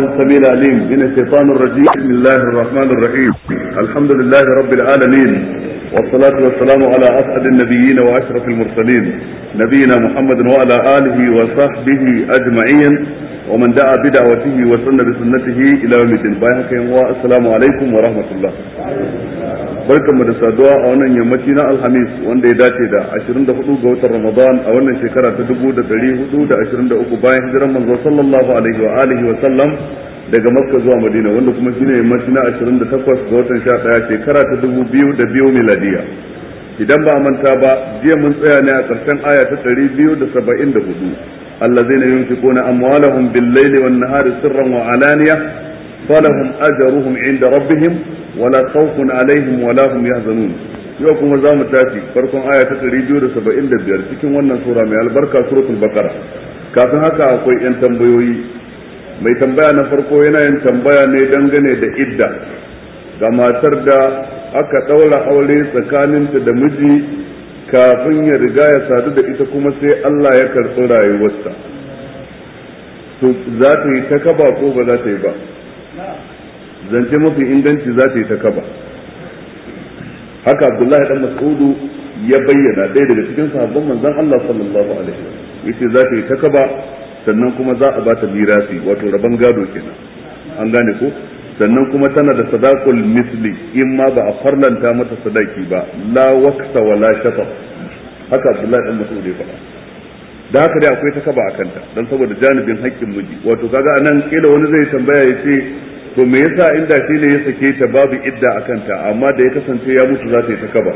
السميع العليم من الشيطان الرجيم بسم الله الرحمن الرحيم الحمد لله رب العالمين والصلاة والسلام على أسعد النبيين وأشرف المرسلين نبينا محمد وعلى آله وصحبه أجمعين ومن دعا بدعوته وسن بسنته إلى يوم الدين بايحك السلام عليكم ورحمة الله barkan mu da saduwa a wannan yammaci na alhamis wanda ya dace da 24 ga watan ramadan a wannan shekara ta 1423 bayan hijiran manzo sallallahu alaihi wa wa sallam daga makka zuwa madina wanda kuma shine ne na 28 ga watan 11 shekara ta 2002 miladiya idan ba manta ba jiya mun tsaya ne a ƙarshen aya ta 274 allazina yunfiquna amwalahum bil-laili wan-nahari sirran wa alaniya falahum ajruhum 'inda rabbihim wala khawfun 'alayhim wala hum yahzanun yau kuma za mu tafi farkon aya ta 275 cikin wannan sura mai albarka suratul baqara kafin haka akwai yan tambayoyi mai tambaya na farko yana yin tambaya ne dangane da idda ga matar da aka ɗaura aure tsakaninta da miji kafin ya riga ya sadu da ita kuma sai Allah ya karɓi rayuwarsa to za ta yi ta kaba ko ba za ta yi ba zance mafi inganci za ta yi ta kaba haka abdullahi dan mas'udu ya bayyana ɗaya daga cikin sahabban manzon Allah sallallahu alaihi wasallam yace za ta yi ta kaba sannan kuma za a ba ta mirasi wato rabon gado kenan an gane ko sannan kuma tana da sadakul misli in ma ba a farlanta mata sadaki ba la waqta wa la shafa haka Abdullahi dan Mas'ud ya faɗa da haka dai akwai takaba a kanta dan saboda janibin haƙƙin miji wato kaga anan kila wani zai tambaya ya ce to me yasa inda shi ne ya sake ta babu idda a kanta amma da ya kasance ya mutu za ta yi takaba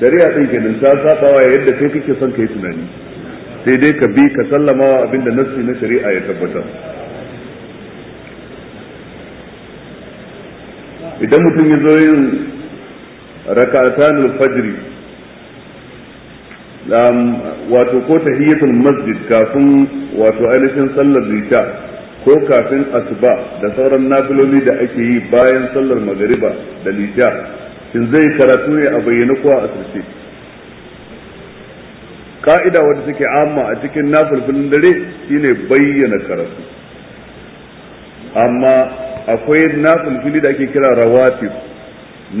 shari'a din kenan ta sabawa yadda kai kake son kai tunani sai dai ka bi ka sallama wa abinda nassi na shari'a ya tabbatar idan mutum ya zo yin rakatanul fajri wato ko ta tahiyatul masjid kafin wato ainihin sallar zita ko kafin asuba da sauran nafiloli da ake yi bayan sallar magariba da lisha shin zai karatu ne a bayyana ko a asirce ka'ida wadda suke amma a cikin filin dare shine bayyana karatu amma akwai nafilfili da ake kira rawatib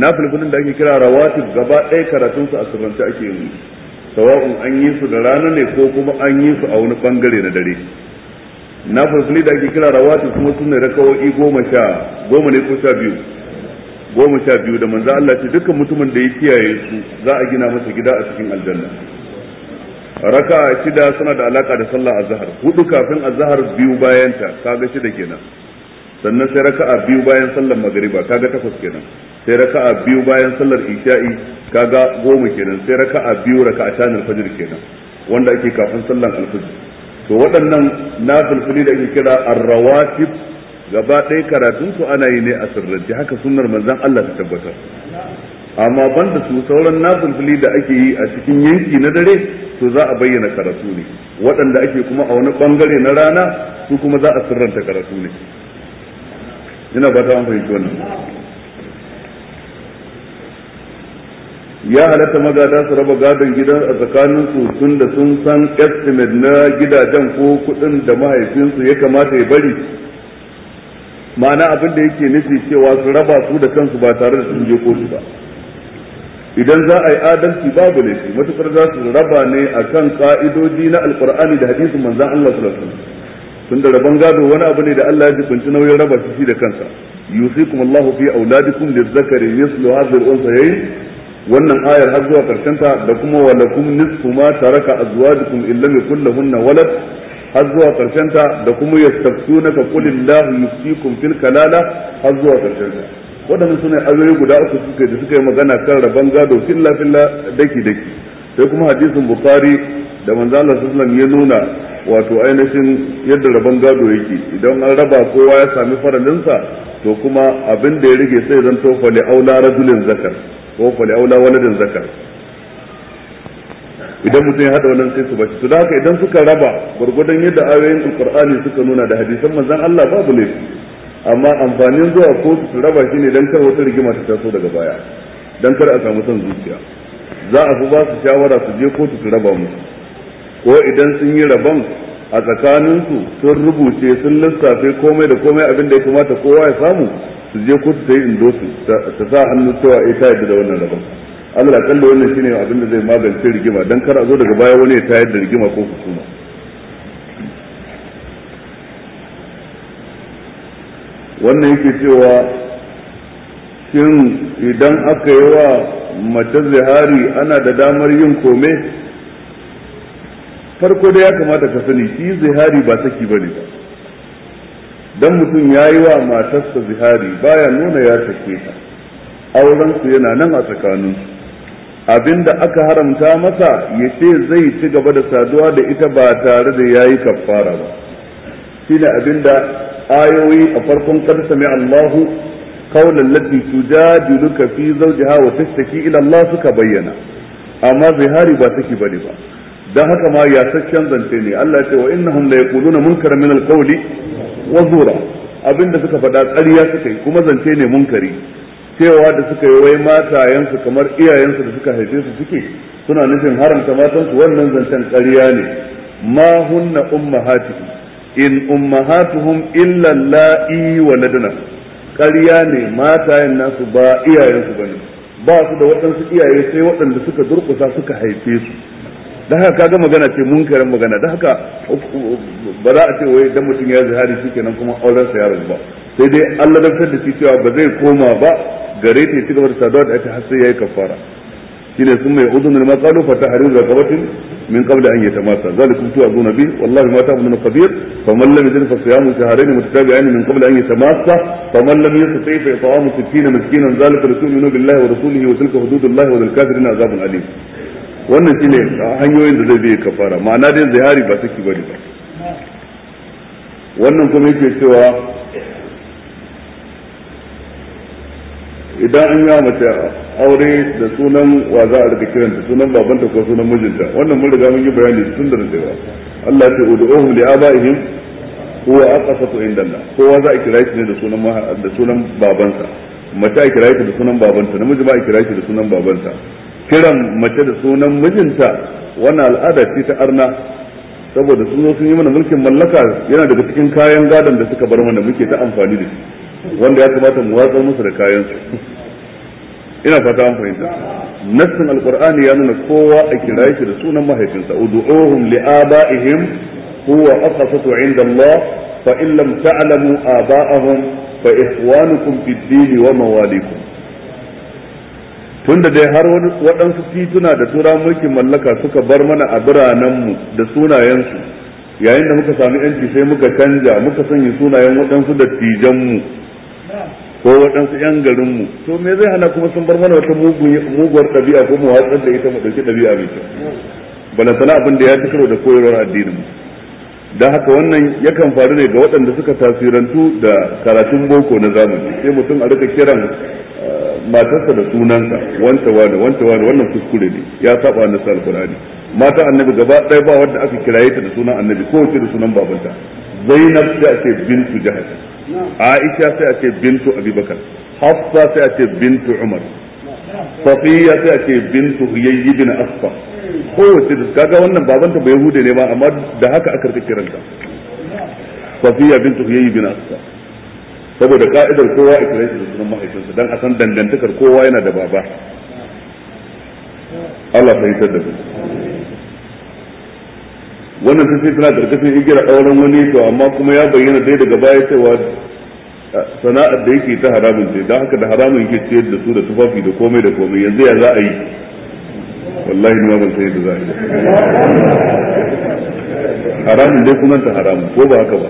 nafilfilin da ake kira rawatib gaba ɗaya karatunsu a sirrance ake yi sawa'un an yi su da rana ne ko kuma an yi su a wani bangare na dare nafilfili da ake kira rawatib kuma sun ne rakawo'i goma sha goma ne ko sha biyu goma sha biyu da manzo Allah ce dukkan mutumin da ya kiyaye su za a gina masa gida a cikin aljanna raka shida suna da alaka da sallah azhar hudu kafin azhar biyu bayan ta kaga shida kenan sannan sai raka'a biyu bayan sallar magriba kaga takwas kenan sai raka'a biyu bayan sallar isha'i kaga goma kenan sai raka'a biyu raka'a tanar fajr kenan wanda ake kafin sallar alfajr to waɗannan nafilfili da ake kira arrawatib gaba ɗaya karatun su ana yi ne a sirrance haka sunnar manzon Allah ta tabbatar amma banda su sauran fili da ake yi a cikin yanki na dare to za a bayyana karatu ne waɗanda ake kuma a wani bangare na rana su kuma za a sirranta karatu ne ina ba ta fahimci wannan ya halatta magada su raba gadon gidan a tsakanin su tun da sun san estimate na gidajen ko kuɗin da mahaifinsu ya kamata ya bari ma'ana abin da yake nufi cewa su raba su da kansu ba tare da sun je kotu ba idan za a yi adalci babu laifi matukar za su raba ne kan ka'idoji na alkur'ani da hadisin manzon Allah sallallahu alaihi wasallam tunda rabon gado wani abu ne da Allah ya jibinci nauyin raba su shi da kansa yusikum Allahu fi auladikum lizzakari mislu hadhihi al-unthayayn wannan ayar har zuwa karshen ta da kuma walakum nisfu ma taraka azwajukum in lam yakul lahunna walad har zuwa karshen ta da kuma yastaftunaka qul Allahu yusikum fil kalala har zuwa karshen ta waɗannan suna ayoyi guda uku suka da suka yi magana kan rabon gado filla filla daki daki sai kuma hadisin bukari da manzo Allah sallallahu ya nuna wato ainihin yadda rabon gado yake idan an raba kowa ya sami sa to kuma abin da ya rage sai zan to fa aula rajulin zakar ko fa li aula waladin zakar idan mutum ya hada wannan sai su bashi to haka idan suka raba gurgudan yadda ayoyin alqur'ani suka nuna da hadisan manzo Allah babu ne. amma amfanin zuwa kotu su raba shi ne don kar wata rigima ta taso daga baya don kar a samu son zuciya za a fi ba su shawara su je kotu su raba musu ko idan sun yi rabon a tsakaninsu sun rubuce sun lissafe komai da komai abin da ya kamata kowa ya samu su je kotu ta yi indosu ta sa hannu cewa ya eh, ta yadda da wannan rabon Allah akalla wannan shine abin da zai magance rigima don kar a zo daga baya wani ya tayar da rigima ko hukuma wannan yake cewa shin idan aka yi wa mace zihari ana da damar yin kome farko da ya kamata ka sani shi zihari ba saki bane ba dan mutum ya yi wa matarsa zihari baya nuna ya sake ta aurensu yana nan a tsakaninsu abinda aka haramta masa ya ce zai ci gaba da saduwa da ita ba tare da ya yi kaffara ba shi ne abinda ayoyi a farkon kad sami Allahu qawlan lati tujadiluka fi zawjiha wa tashtaki ila Allah suka bayyana amma hari ba take bari ba dan haka ma ya saccen zance ne Allah ya ce wa innahum la yaquluna munkaran min al wa zura abinda suka faɗa ƙarya suka yi kuma zance ne munkari cewa da suka yi wai matayensu kamar iyayensu da suka haife su suke suna nufin haramta matansu wannan zancen ƙarya ne ma hunna ummahatihi in ummahatuhum illa la'i waladuna ƙarya ne matayen nasu ba iyayensu bane ba su da waɗansu iyaye sai waɗanda suka durƙusa suka haife su da haka kaga magana ce munkarin magana da haka ba za a ce wai dan mutum ya zihari shikenan kuma auren sa ya rabu ba sai dai Allah dantar da shi cewa ba zai koma ba gare ta ya ci gaba da saduwa da ita har sai yayi kafara shine sun mai udunul maqalu fa tahriru raqabatin min qabli an yi ta yatamassa zalikum tu'aduna bi wallahi ma kabir fa man lam yajid fa siyamu shahrayn mutatabi'ayn min qabli an yatamassa man lam yastati fa it'amu 60 miskinan zalika rasulun billahi wa rasulihi wa tilka hududullahi wa lil kafirina azabun alim wannan shine hanyoyin da zai bi kafara ma'ana dai zihari ba saki bari ba wannan kuma yake cewa idan an yi mata aure da sunan wa za a rika kiran da sunan babanta ko sunan mijinta wannan mun riga mun yi bayani tun da dadewa Allah ya ce ud'uhu li abaihim huwa aqsatu indallah kowa za a kira shi ne da sunan da sunan babansa mace a kira shi da sunan babanta namiji ba a kira shi da sunan babansa kiran mace da sunan mijinta wannan al'ada ce ta arna saboda sun zo sun yi mana mulkin mallaka yana daga cikin kayan gadon da suka bar mana muke ta amfani da shi wanda ya kamata mu watsar musu da kayan su ina ta an fahimta nassin alqur'ani ya nuna kowa a kira shi da sunan mahaifinsa ud'uhum li'aba'ihim huwa aqsatu 'inda Allah fa in lam ta'lamu aba'ahum fa ikhwanukum fid dini wa mawalikum tunda dai har waɗansu tituna da tura mulkin mallaka suka bar mana a biranenmu da sunayensu yayin da muka sami yanci sai muka canja muka sanya sunayen waɗansu dattijanmu ko waɗansu 'yan garinmu to me zai hana kuma sun bar mana wata muguwar ɗabi'a ko mu watsar da ita mu ɗauki ɗabi'a mai kyau sana abin da ya fi da koyarwar addinin mu da haka wannan yakan faru ne ga waɗanda suka tasirantu da karatun boko na zamani sai mutum a rika kiran eh, matarsa da sunansa wanta wani wanta wani wannan kuskure ne ya saba na alkurani mata annabi gaba ɗaya ba wanda aka kiraye ta da sunan annabi kowace da sunan babanta zainab sai a ce bintu jihar. aisha sai a ce bintu abubakar hafsa sai a ce bintu umar safiya sai a ce bintu huyayyi bin asfa kowace da kaga wannan babanta bai hude ne ba amma da haka aka rika kiranta safiya bintu huyayyi bin asfa saboda ka'idar kowa a kira shi da sunan mahaifinsa dan a san dangantakar kowa yana da baba Allah ya da mu wannan sun ce tana karkashin igiyar auren wani to amma kuma ya bayyana dai daga baya cewa sana'ar da yake ta haramun ce don haka da haramun yake ciyar da su da tufafi da komai da komai yanzu ya za a yi wallahi ni ma ban san yadda za a yi haramun dai kuma ta haramun ko ba haka ba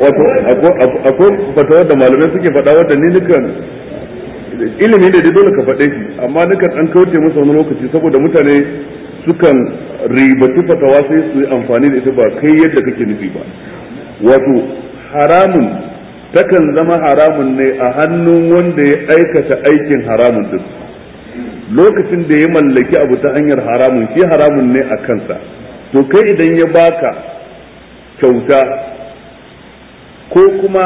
wato akwai fatawar da malamai suke faɗa wadda ni nukan ilimi ne da dole ka faɗe shi amma dukkan an kauce masa wani lokaci saboda mutane sukan ribatu fatawa sai su yi amfani da ita ba kai yadda kake nufi ba wato haramun takan zama haramun ne a hannun wanda ya aikata aikin haramun din lokacin da ya mallaki abu ta hanyar haramun shi haramun ne a kansa to kai idan ya baka kyauta ko kuma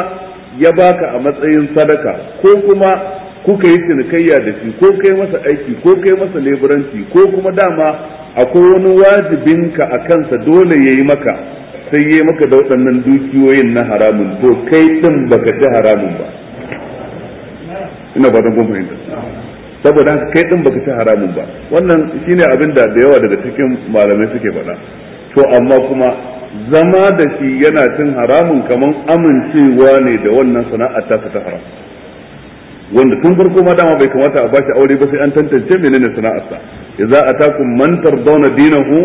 ya baka a matsayin sadaka ko kuma ko ka yi cinikayya da shi ko kai masa aiki ko kai masa leburanci ko kuma dama akwai wani wajibinka a kansa dole ya yi maka sai ya yi maka da waɗannan dukiyoyin na haramun to kai ɗin ba ka ci haramun ba ina ba don da saboda haka kai ɗin ba ka ci haramun ba wannan shine abin da da yawa daga cikin malamai suke faɗa to amma kuma zama da shi yana cin haramun kamar amincewa ne da wannan sana'a ta ta haram wanda tun farko ma dama bai kamata a bashi aure ba sai an tantance menene sana'arsa idza atakum man tardawna dinahu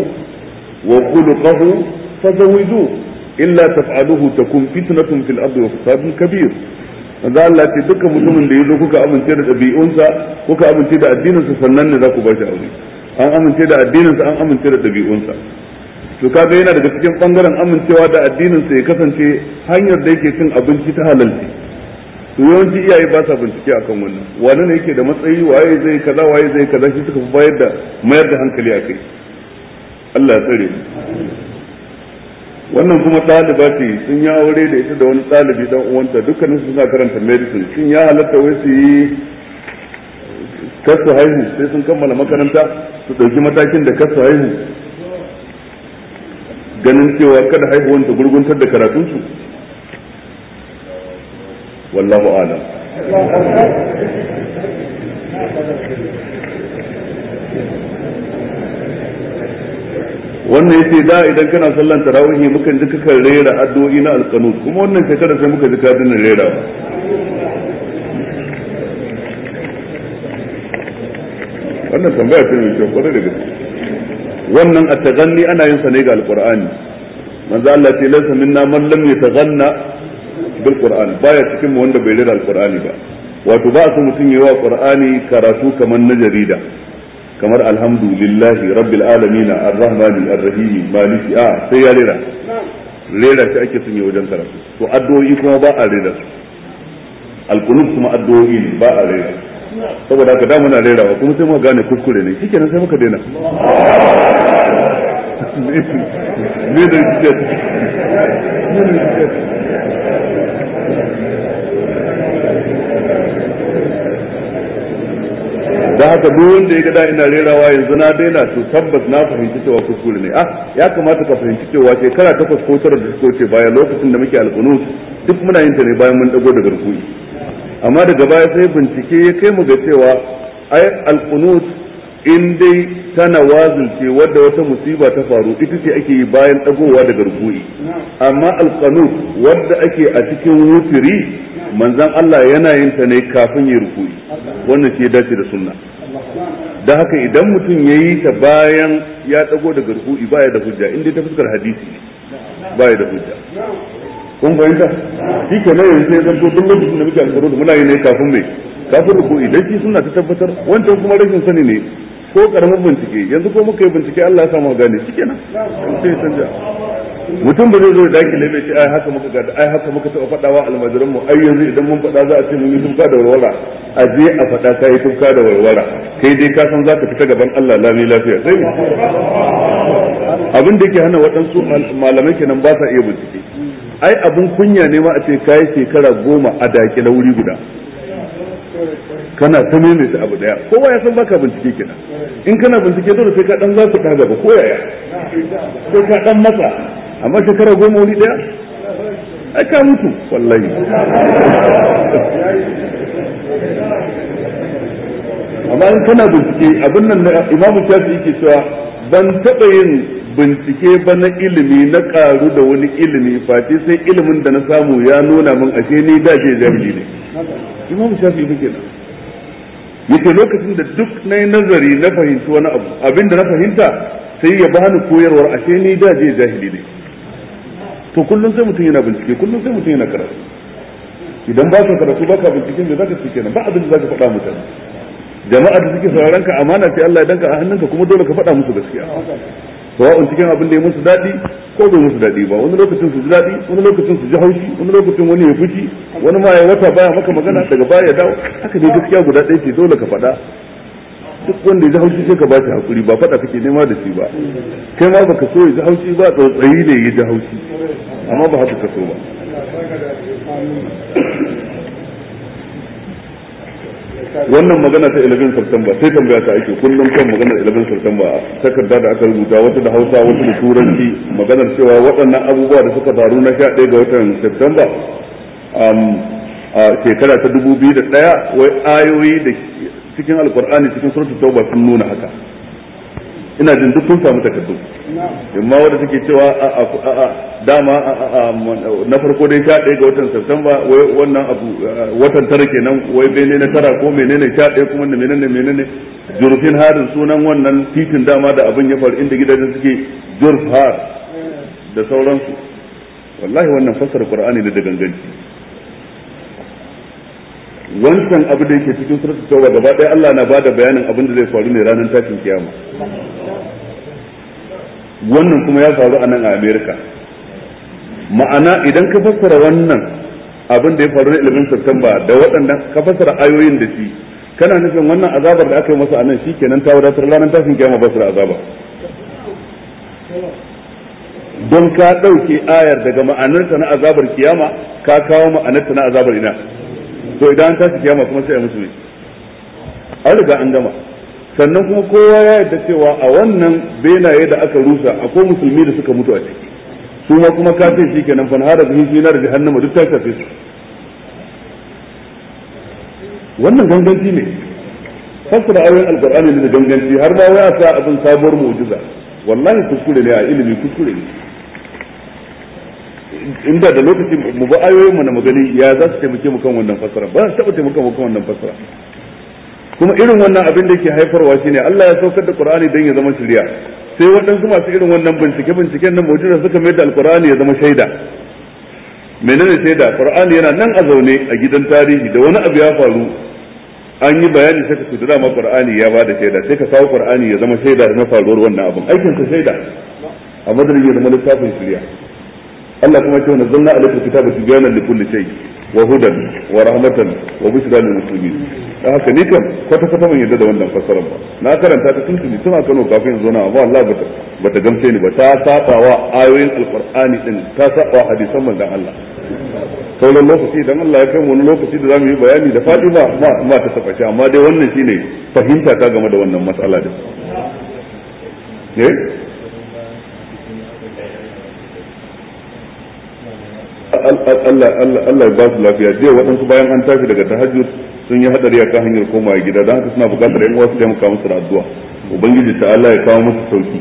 wa khuluquhu fazawiju illa taf'aluhu takun fitnatun fil ardi wa fasadun kabir manzo Allah ce duka mutumin da yazo kuka amince da dabi'unsa kuka amince da addininsa sannan ne za ku bashi aure an amince da addininsa an amince da dabi'unsa to kaga yana daga cikin bangaren amincewa da addininsa ya kasance hanyar da yake cin abinci ta halalci yawanci iyaye ba sa bincike akan wannan wani ne yake da matsayi waye zai kaza waye zai kaza shi suka bayar da mayar da hankali a kai. Allah ya tsare wannan kuma ɗaliba ce sun yi aure da ita da wani ɗalibi dan uwanta dukkanin su suna karanta medicine shin ya halatta wai su yi kasu haihu sai sun kammala makaranta su ɗauki matakin da kasu haihu ganin cewa kada haihuwanta gurguntar da karatunsu والله alam wannan yace da idan kana sallan tarawih mukan ji kakan rera addu'o'i na alqanut kuma wannan shekara sai muka ji ka rera ba. wannan tambaya ce mai kyau kwarai da gaske wannan at-taghanni ana yin sa ne ga alqur'ani manzo Allah ce laysa minna man lam yataghanna bil qur'an baya cikin mu wanda bai al alqur'ani ba wato ba su mutum yayi wa qur'ani karatu kamar na jarida kamar alhamdulillahi rabbil alamin arrahmanir arrahim maliki a sai ya rera rera shi ake son yi wajen karatu to addu'o'i kuma ba a rera al-qulub kuma addu'o'i ba a rera saboda haka da muna ba kuma sai mu gane kuskure ne shikenan sai muka daina ne da haka duk wanda ya gada ina rerawa yanzu na daina to tabbas na fahimci cewa kuskure ne ah ya kamata ka fahimci cewa shekara takwas ko tara da suka wuce baya lokacin da muke alƙunu duk muna yin ta ne bayan mun dago daga rukuni amma daga baya sai bincike ya kai mu ga cewa ai alqunut in dai tana wazirce wadda wata musiba ta faru ita ce ake yi bayan dagowa daga rukuni amma alqunut wadda ake a cikin wuturi manzon Allah yana yin ta ne kafin ya rukuni wannan ce dace da sunna da haka idan mutum ya yi ta bayan ya dago daga ba baya da hujja inda ta fuskar hadisi baya da hujja kun fahimta shi ke nan yanzu sai zanto duk lokacin da muke da muna yi ne kafin mai kafin ruku'i dan shi suna ta tabbatar wancan kuma rashin sani ne ko karamin bincike yanzu ko muka yi bincike Allah ya samu gane shi kenan sai canja mutum ba zai zo da dakile mai ce ai haka muka ga ai haka muka taɓa wa almajiran mu ai yanzu idan mun faɗa za a ce mun yi tufka da warwara a je a faɗa ka yi tufka da warwara kai dai ka san zaka fita gaban Allah lami lafiya sai abin da yake hana waɗansu malamai kenan ba sa iya bincike ai abun kunya ne ma a ce kai shekara goma a dakile wuri guda kana ta maimaita abu daya kowa ya san baka bincike kenan in kana bincike dole sai ka dan za ku ta gaba ko yaya sai ka dan masa amma shekara goma wani daya ai ka mutu wallahi amma in kana bincike abin nan imamu shafi yake cewa ban taɓa yin bincike ba na ilimi na ƙaru da wani ilimi face sai ilimin da na samu ya nuna min ashe ni da ke jahili ne imamu shafi yake nan yake lokacin da duk na yi nazari na fahimci wani abu abin da na fahimta sai ya bani koyarwar ashe ni da je jahili ne to kullum sai mutum yana bincike kullum sai mutum yana karatu idan ba ka karatu ba ka bincike me zaka ka kenan ba abin da ka faɗa mutane jama'a da suke sauraron ka amana sai Allah ya danka a hannunka kuma dole ka faɗa musu gaskiya sawa'un cikin abin da ya musu daɗi ko bai musu daɗi ba wani lokacin su ji daɗi wani lokacin su ji haushi wani lokacin wani ya fushi wani ma ya wata baya maka magana daga baya ya dawo haka dai gaskiya guda ɗaya ce dole ka faɗa duk wanda ya ji haushi sai ka ba shi hakuri ba fada kake nema da shi ba kai ma baka so ya ji haushi ba tsautsayi ne ya ji haushi amma ba haka ka so ba wannan magana ta 11 September sai tambaya ta ake kullum kan maganar 11 September takarda da aka rubuta wata da Hausa wata da Turanci maganar cewa waɗannan abubuwa da suka faru na 11 ga watan September um, a shekara ta 2001 wai ayoyi da cikin alkur'ani cikin suratul tauba sun nuna haka ina jin duk kun samu takardu amma wanda suke cewa dama na farko dai sha ɗaya ga watan Satumba wai wannan abu eh, watan tara kenan wai bene na tara ko menene sha ɗaya kuma ne menene menene jurfin harin sunan wannan titin dama da abin ya faru inda gidajen suke jurf har da sauransu wallahi wannan fassara qur'ani da ganganci wancan abu da yake cikin suratul tauba gaba ɗaya Allah na bada bayanin abin da zai faru ne ranar tashin kiyama wannan kuma ya faru a nan a America ma'ana idan ka fassara wannan abin da ya faru na ilimin Satumba da waɗannan ka fassara ayoyin da shi kana nufin wannan azabar da aka yi masa a nan shi kenan ta wadatar ranar tashin kiyama ba su azaba don ka ɗauke ayar daga ma'anarta na azabar kiyama ka kawo ma'anarta na azabar ina to idan an tashi ma kuma sai a musu ne an riga an gama sannan kuma kowa ya yarda cewa a wannan benaye da aka rusa akwai musulmi da suka mutu a ciki su ma kuma kafin shi kenan fa da bihi na da jahannama duk ta shafe su wannan ganganci ne fassara ayoyin alqur'ani ne da ganganci har ma a sa abin sabuwar mu'jiza wallahi kuskure ne a ilimi kuskure ne inda da lokaci mu ba ayoyin mu na magani ya za su taimake mu kan wannan fasara ba su taɓa taimaka mu kan wannan fasara kuma irin wannan abin da ke haifarwa ne Allah ya saukar da Qur'ani dan ya zama shari'a sai waɗansu masu irin wannan bincike binciken nan mu'jiza suka mai da Al-Qur'ani ya zama shaida menene shaida Qur'ani yana nan a zaune a gidan tarihi da wani abu ya faru an yi bayani sai ka su dama Qur'ani ya bada shaida sai ka kawo Qur'ani ya zama shaida na faruwar wannan abin aikin sa shaida a madadin ya zama littafin shari'a Allah kuma ce nazzalna alaikal kitaba tibyanan likulli shay wa hudan wa rahmatan wa bushra lil muslimin dan haka ni kam kwata kwata ban yarda da wannan fassarar ba na karanta ta tuntuni tun Kano kafin zo na amma Allah bata bata gamse ni ba ta wa ayoyin alqur'ani din ta sabawa hadisan manzon Allah sauran lokaci idan Allah ya kai wani lokaci da zamu yi bayani da fadi ba ma ta tafaci amma dai wannan shine fahimta ta game da wannan matsala din eh Allah ya ba su lafiya zai waɗansu bayan an tafi daga tahajjud sun yi hadari a kan hanyar komawa gida don haka suna buƙatar yan wasu taimaka musu da addu'a ubangiji ta Allah ya kawo musu sauki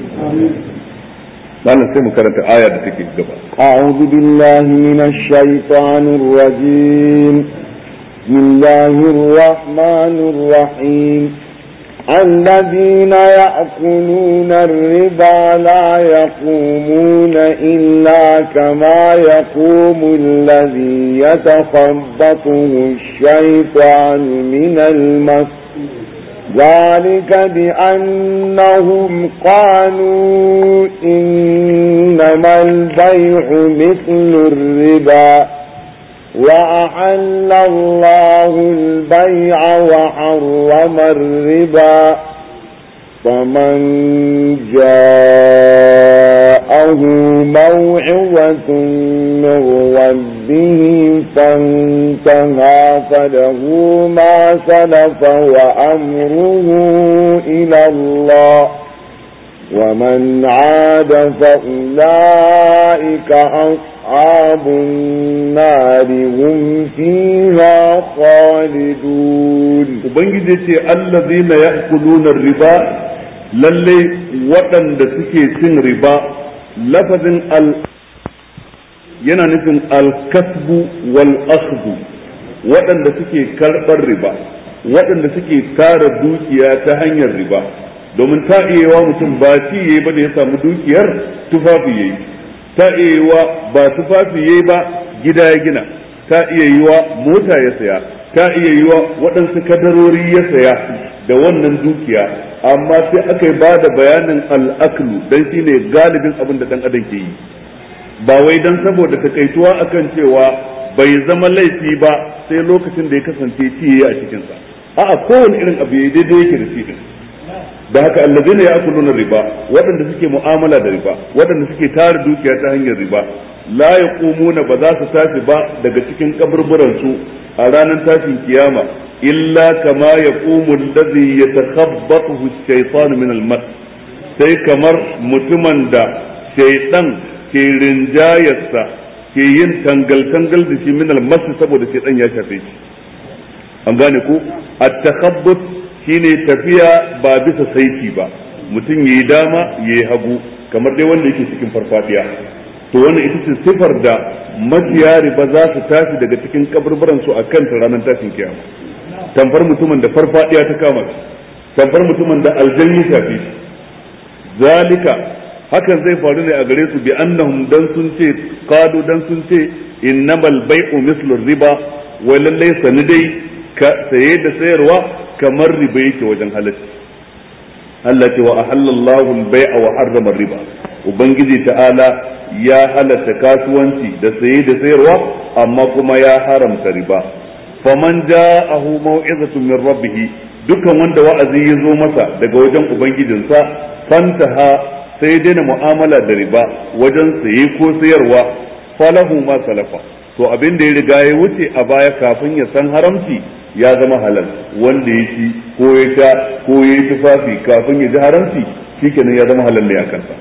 malam sai mu karanta aya da take gaba a'udhu billahi minash shaitanir rajim bismillahir rahmanir rahim الذين يأكلون الربا لا يقومون إلا كما يقوم الذي يتخبطه الشيطان من المس ذلك بأنهم قالوا إنما البيع مثل الربا وأحل الله البيع وحرم الربا فمن جاءه موعظة من ربه فانتهى فله ما سلف وأمره إلى الله ومن عاد فأولئك أولئك أصحاب النار هم فيها خالدون وبنجدتي الذين يأكلون الربا للي وطن دسكي سن ربا لفظ ال yana nufin alkasbu wal asbu waɗanda suke karɓar riba waɗanda suke tara dukiya ta hanyar riba domin ta iya mutum ba ci yayi ba da ya samu dukiyar tufafi yayi ta iya wa ba tufafi yayi ba gida ya gina ta iya yi wa mota ya saya ta iya yi wa waɗansu kadarori ya saya da wannan dukiya amma sai aka yi ba da bayanin al'aklu don shi ne galibin abin da ɗan adam ke yi ba wai don saboda takaituwa kan cewa bai zama laifi ba sai lokacin da ya kasance ci a cikinsa a'a kowane irin abu ya daidai yake da cikin. da haka allazina ya'kuluna riba waɗanda suke mu'amala da riba waɗanda suke tara dukiya ta hanyar riba la yaqumuna ba za su tafi ba daga cikin kaburburan su a ranar tashin kiyama illa kama yaqumu allazi yatakhabbathu ash shaytan min al sai kamar mutumin da shaytan ke rinjayarsa ke yin tangal-tangal da shi min al-mas saboda shaytan ya shafe shi an gane ko at-takhabbut shine tafiya ba bisa saiti ba mutum yayi dama yayi hagu kamar dai wanda yake cikin farfadiya to wannan ita ce sifar da maciya riba za su tashi daga cikin kaburburan su akan ta ranar tashin kiyama tamfar mutumin da farfadiya ta kama shi tamfar mutumin da aljanni shafi zalika hakan zai faru ne a gare su bi annahum dan sun ce qalu dan sun ce innamal bai'u mislu riba wa lallai sani dai ka saye da sayarwa kamar riba yake wajen halatta Allah ce wa ahallallahu al-bai'a wa harrama riba ubangiji ta'ala ya halatta kasuwanci da saye da sayarwa amma kuma ya haramta riba faman ja'ahu mau'izatun min rabbih dukan wanda wa'azi ya zo masa daga wajen ubangijinsa fantaha sai dai na mu'amala da riba wajen saye ko sayarwa falahu ma salafa to abin da ya riga ya wuce a baya kafin ya san haramci ya zama halal wanda ya ci ko ya sha ko ya yi tufafi kafin ya ji haramci shikenan ya zama halal ne a kansa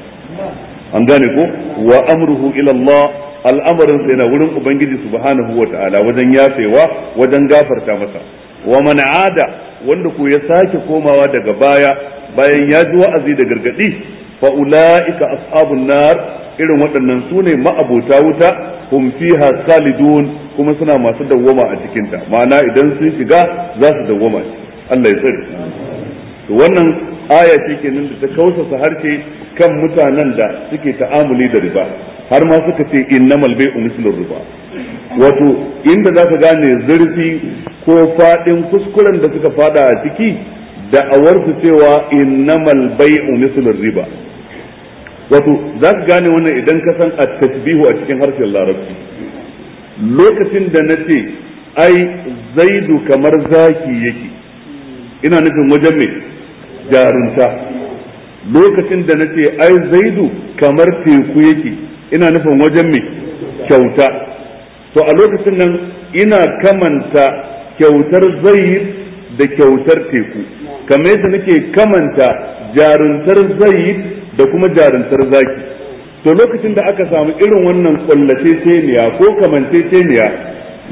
an gane ko wa amruhu ila Allah al'amarin sai yana wurin ubangiji subhanahu ta'ala wajen yafewa wajen gafarta masa wa man ada wanda ko ya sake komawa daga baya bayan ya ji wa'azi da gargadi fa ulaika ashabun nar irin waɗannan su ne ma'abota wuta hum fiha khalidun kuma suna masu dawwama a cikinta, ma'ana idan sun shiga za su dawwama Allah ya tsare to wannan aya ce kenan da ta kausasa harshe kan mutanen da suke ta'amuli da riba har ma suka ce innamal bai'u mislur riba wato inda za ka gane zurfi ko fadin kuskuren da suka fada a ciki da awarsu cewa innamal bai'u mislur riba wato za ka gane wannan idan ka san a tasbihu a cikin harshen larabci lokacin da na ce ai zaidu kamar zaki yake ina nufin wajen mai jarunta lokacin da na ce ai zaidu kamar teku yake ina nufin wajen mai kyauta to a lokacin nan ina kamanta kyautar zaid da kyautar teku kamar yadda nake kamanta jaruntar zaid da kuma jarantar zaki to lokacin da aka samu irin wannan kullateceniya ko kamance kamanceceniya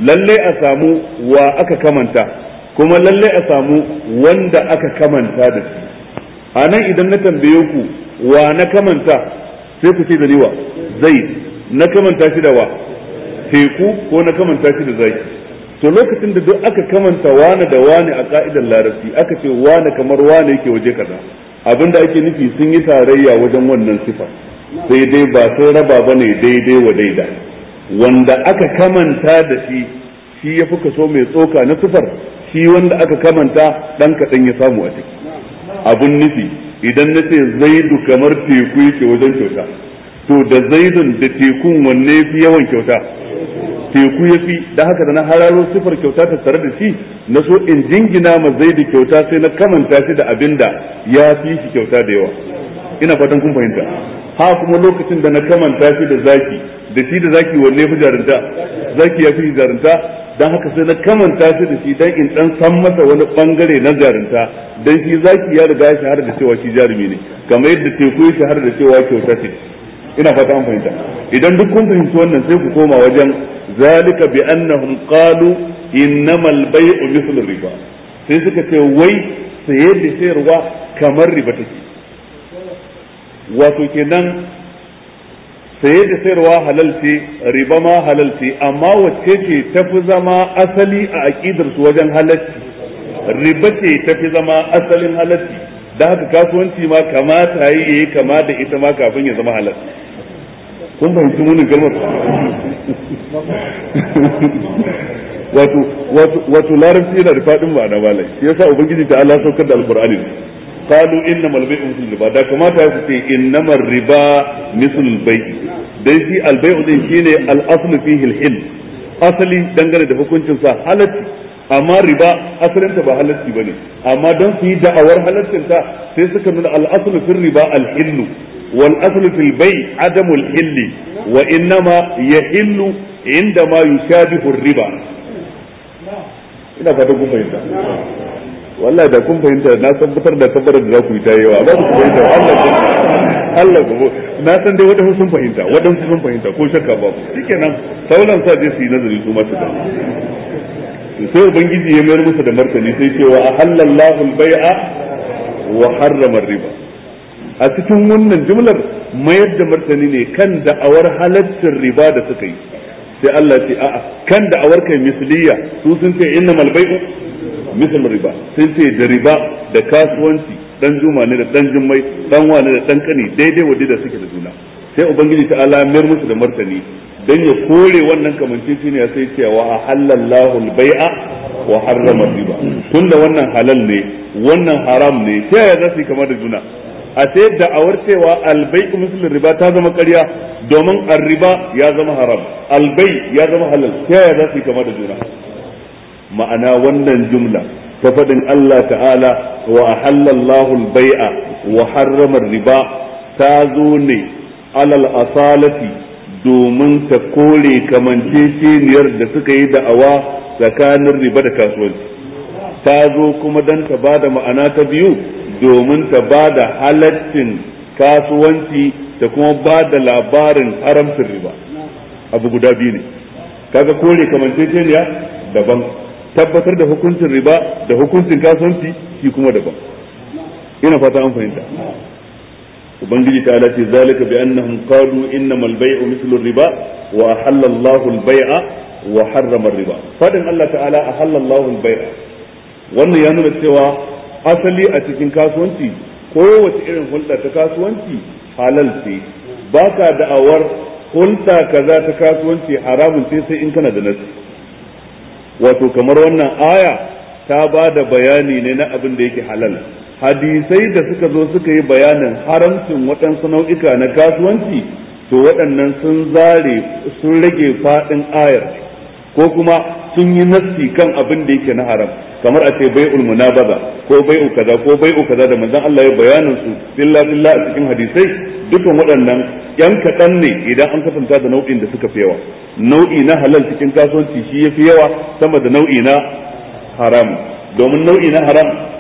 lalle a samu wa aka kamanta kuma lalle a samu wanda aka kamanta da shi a nan idan na tambaye ku wa na kamanta sai ku ce da ni wa zai na kamanta shi da wa teku ko na kamanta shi da zaki to lokacin da duk aka kamanta wani da wani a ka'idar larabci aka ce wani kamar wani yake waje kaza da ake nufi sun yi tarayya wajen wannan sifa sai dai ba sun raba ba ne daidai wa daida wanda aka kamanta da shi shi ya fi kaso mai tsoka na sifar shi wanda aka kamanta dan kaɗan ya samu a ciki abun nufi idan na ce zaidu kamar teku yake wajen kyauta to da zaidun da tekun wanne fi yawan kyauta teku ya fi da haka da na hararo sifar kyauta ta tare da shi na so in jingina ma zai da kyauta sai na kamanta shi da abinda ya fi shi kyauta da yawa ina fatan kun fahimta ha kuma lokacin da na kamanta shi da zaki da shi da zaki wanne fi jarinta zaki ya fi jarinta dan haka sai na kamanta shi da shi dan in dan san masa wani bangare na jarinta dan shi zaki ya riga ya shahara da cewa shi jarumi ne kamar yadda teku ya shahara da cewa kyauta ce ina fata an fahimta idan duk kun fahimci wannan sai ku koma wajen zalika bi annahum qalu innamal bay'u mithlu riba sai suka ce wai saye da sayarwa kamar riba take wato kenan saye da sayarwa halal ce riba ma halal ce amma wacce ce tafi zama asali a aqidar su wajen halacci riba ce tafi zama asalin halacci da haka kasuwanci ma kamata yi yi kama da ita ma kafin ya zama halal kun fahimci munin kalmar wato wato larabci yana da fadin ma'ana malai shi yasa ubangiji ta Allah saukar da alqur'ani qalu innamal bai'u mithl riba da kamata ya ce innamar riba mithl bai'i dai shi albay'u din shine al-aslu fihi al-hil asali dangane da hukuncin sa halal amma riba asalinta ba halarci bane amma don su yi da'awar halarcinta sai suka nuna al'aslu fil riba al-hillu wal aslu fil bay' adamu al-hilli wa inda yahillu indama yushabihu riba ina fata kun fahimta wallahi da kun fahimta na tabbatar da tabbatar da za ku yi ta yawa ba ku fahimta Allah ku Allah ku na san dai wadansu sun fahimta wadansu sun fahimta ko shakka ba ku shikenan saulan sa je su yi nazari su ma su gano sai ubangiji ya mayar musu da martani sai ce wa ahallallahu al-bai'a wa harrama riba a cikin wannan jumlar mayar da martani ne kan da'awar halaccin riba da suka yi sai Allah ce a'a kan da'awar kai misliya su sun ce innamal bai'u misal riba sun ce da riba da kasuwanci dan juma ne da dan jummai dan wane da dan kani daidai wadda da suke da juna sai ubangiji ta Allah mayar musu da martani dan ya kore wannan kamanceceniya sai cewa halallahu al-bai'a wa harrama riba tunda wannan halal ne wannan haram ne ta yaya za su yi kama da juna a sai da'awar cewa albai musulun riba ta zama ƙarya domin riba ya zama haram albai ya zama halal ta yaya za su yi kama da juna ma'ana wannan jumla ta faɗin Allah ta'ala wa halallahu albai'a wa harrama riba ta zo ne alal asalati domin ta kore niyar da suka yi da'awa tsakanin riba da kasuwanci ta zo kuma don ta ba da ma'ana ta biyu domin ta ba da halaccin kasuwanci ta kuma ba da labarin haramcin riba abu guda biyu ne kaga kore kamanceceniya daban tabbatar da hukuncin riba da hukuncin kasuwanci shi kuma daban ina fata an fahimta ubangiji ta ala zalika bi annahum qalu innamal bay'u mithlu riba wa ahalla Allahu al-bay'a wa harrama riba fadin Allah ta'ala a Allahu al-bay'a wannan ya nuna cewa asali a cikin kasuwanci kowace irin hulɗa ta kasuwanci halal ce ba ka da'awar hulɗa kaza ta kasuwanci haramun ce sai in kana da nasi wato kamar wannan aya ta ba da bayani ne na abin da yake halal hadisai da suka zo suka yi bayanin haramcin waɗansu nau'ika na kasuwanci to waɗannan sun zare sun rage faɗin ayar ko kuma sun yi nassi kan abin da yake na haram kamar a ce bai'ul munabaza ko bai'u kaza ko bai'u kaza da manzon Allah ya bayanin su billa billa a cikin hadisai dukan waɗannan yan kaɗan ne idan an kasanta da nau'in da suka fi yawa nau'i na halal cikin kasuwanci shi ya fi yawa sama da nau'i na haram domin nau'i na haram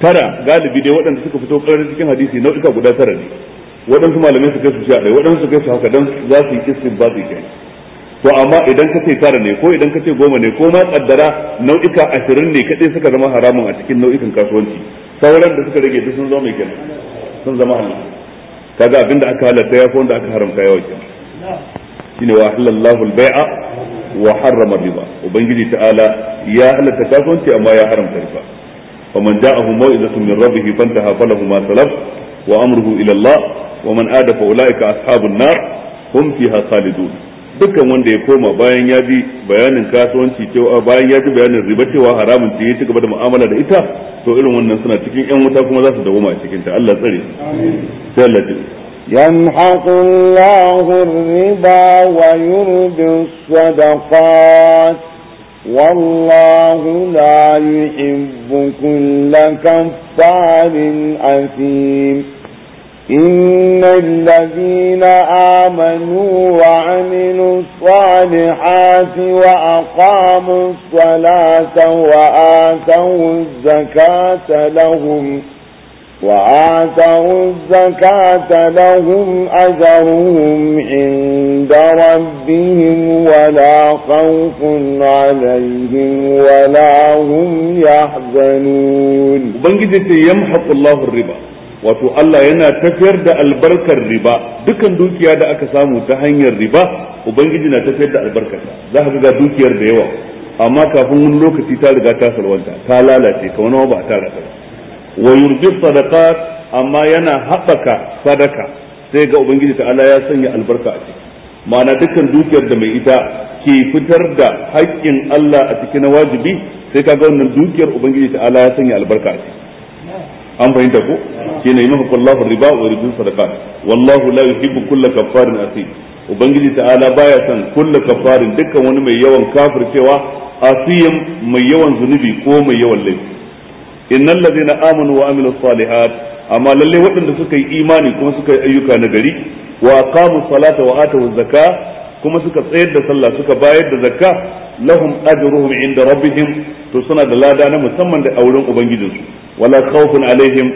tara galibi dai waɗanda suka fito ƙarar cikin hadisi nau'ika guda tara ne waɗansu malamai su kai su sha ɗaya waɗansu su kai su haka don za su yi kissin ba su yi kai to amma idan ka ce tara ne ko idan ka ce goma ne ko ma ƙaddara nau'ika ashirin ne kaɗai suka zama haramun a cikin nau'ikan kasuwanci sauran da suka rage duk sun zama mai kenan sun zama halal kaga abin da aka halatta ya fi wanda aka haramta yawa kenan shine wa halallahu al-bai'a wa harrama riba ubangiji ta'ala ya halatta kasuwanci amma ya haramta riba فمن جاءه موعظة من ربه فانتهى فله ما سلف وأمره إلى الله ومن عاد فأولئك أصحاب النار هم فيها خالدون dukkan wanda ya koma bayan ya ji bayanin kasuwanci cewa bayan ya ji bayanin riba cewa haramun ce ya ci gaba da mu'amala da ita to irin wannan suna cikin yan wuta kuma za su dawoma a cikin ta Allah tsare sai Allah ji يمحق الله الربا ويربي الصدقات والله لا يحب كل كفار أثيم إن الذين آمنوا وعملوا الصالحات وأقاموا الصلاة وآتوا الزكاة لهم وآتوا الزكاة لهم أجرهم عند ربهم ولا خوف عليهم ولا هم يحزنون بنجد يمحق الله الربا wato Allah yana tafiyar da albarkar riba dukan dukiya da aka samu ta hanyar riba ubangiji na tafiyar da albarkarta za ka ga dukiyar da yawa amma kafin wani lokaci ta riga ta salwanta ta lalace ka wani ba a tara ta wa yurbi sadaqat amma yana haɓaka sadaka sai ga ubangiji ta'ala ya sanya albarka a ciki ma'ana dukkan dukiyar da mai ita ke fitar da haƙƙin Allah a cikin wajibi sai kaga wannan dukiyar ubangiji ta'ala ya sanya albarka a ciki an fahimta ko shine yamhu Allahu riba wa yurbi sadaqat wallahu la yuhibbu kulla kafarin asim ubangiji ta'ala baya son kulla kafarin dukkan wani mai yawan cewa asiyin mai yawan zunubi ko mai yawan laifi innal ladina amanu wa amilus salihat amma lalle waɗanda suka yi imani kuma suka yi ayyuka na gari wa aqamu salata wa atu zakka kuma suka tsayar da sallah suka bayar da zakka lahum ajruhum inda rabbihim to suna da lada na musamman da auren ubangijinsu wala khawfun alaihim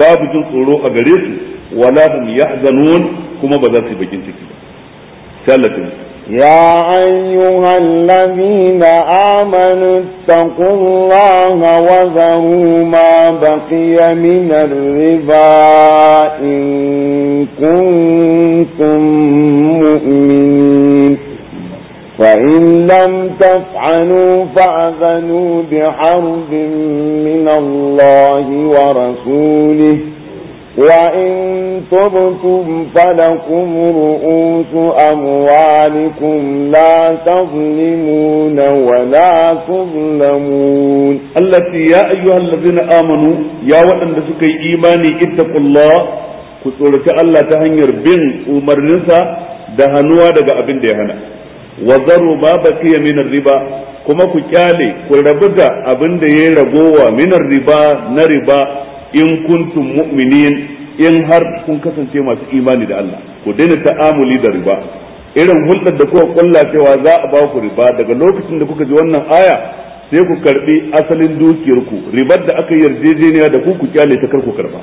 babu jin tsoro a gare su wala hum yahzanun kuma ba za su yi bakin ciki ba يا أيها الذين آمنوا اتقوا الله وذروا ما بقي من الربا إن كنتم مؤمنين فإن لم تفعلوا فأذنوا بحرب من الله ورسوله وإن تبتم فلكم رؤوس أموالكم لا تظلمون ولا تظلمون التي يا أيها الذين آمنوا يا وأن سكي إيماني اتقوا الله كسولة الله تهنير بن umarninsa da hannuwa daga abin da ya hana wa zaru ma baqiya min riba kuma ku kyale ku rabu da abin da ya ragowa min riba na riba in kuntum mu'minin in har kun kasance masu imani da Allah ku daina ta'amuli da riba irin hulɗar da kuka kulla cewa za a ba ku riba daga lokacin da kuka ji wannan aya sai ku karbi asalin dukiyar ku ribar da aka yarjejeniya da ku ku kyale ta kar ku karba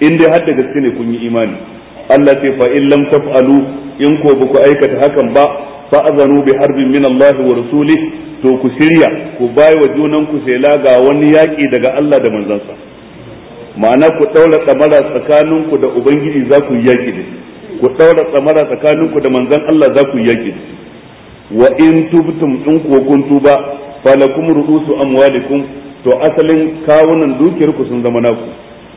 in dai har da gaske ne kun yi imani Allah ce fa in lam taf'alu in ko ba ku aikata hakan ba fa azanu bi harbin min Allah wa rasulihi to ku shirya ku bai wa junan ku sai ga wani yaki daga Allah da manzansa ma'ana ku ɗaura tsamara tsakaninku da ubangiji za ku yaki da ku daura tsamara tsakaninku da manzon Allah za ku yaki da wa in tubtum in ku kun tuba falakum ru'usu amwalikum to asalin kawunan dukiyarku sun zama naku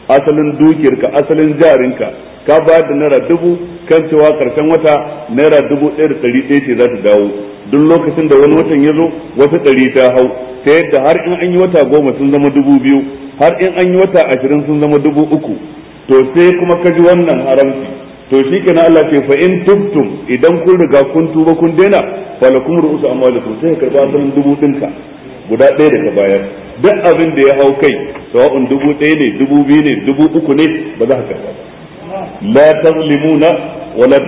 asalin dukiyarka asalin jarinka ka bayar da naira dubu kan cewa karshen wata naira dubu ɗaya da ɗari ɗaya ce za ta dawo duk lokacin da wani watan ya zo wata ɗari ta hau ta yadda har in an yi wata goma sun zama dubu biyu har in an yi wata ashirin sun zama dubu uku to sai kuma ka ji wannan haramci to shi na Allah ce fa in tubtum idan kun riga kun tuba kun daina falakum ru'usu amwalikum sai ka karba asalin dubu ɗinka guda ɗaya da ka bayar duk abin da ya hau kai sawa'un dubu ɗaya ne dubu biyu ne dubu uku ne ba za ka karba la تظلمون wa la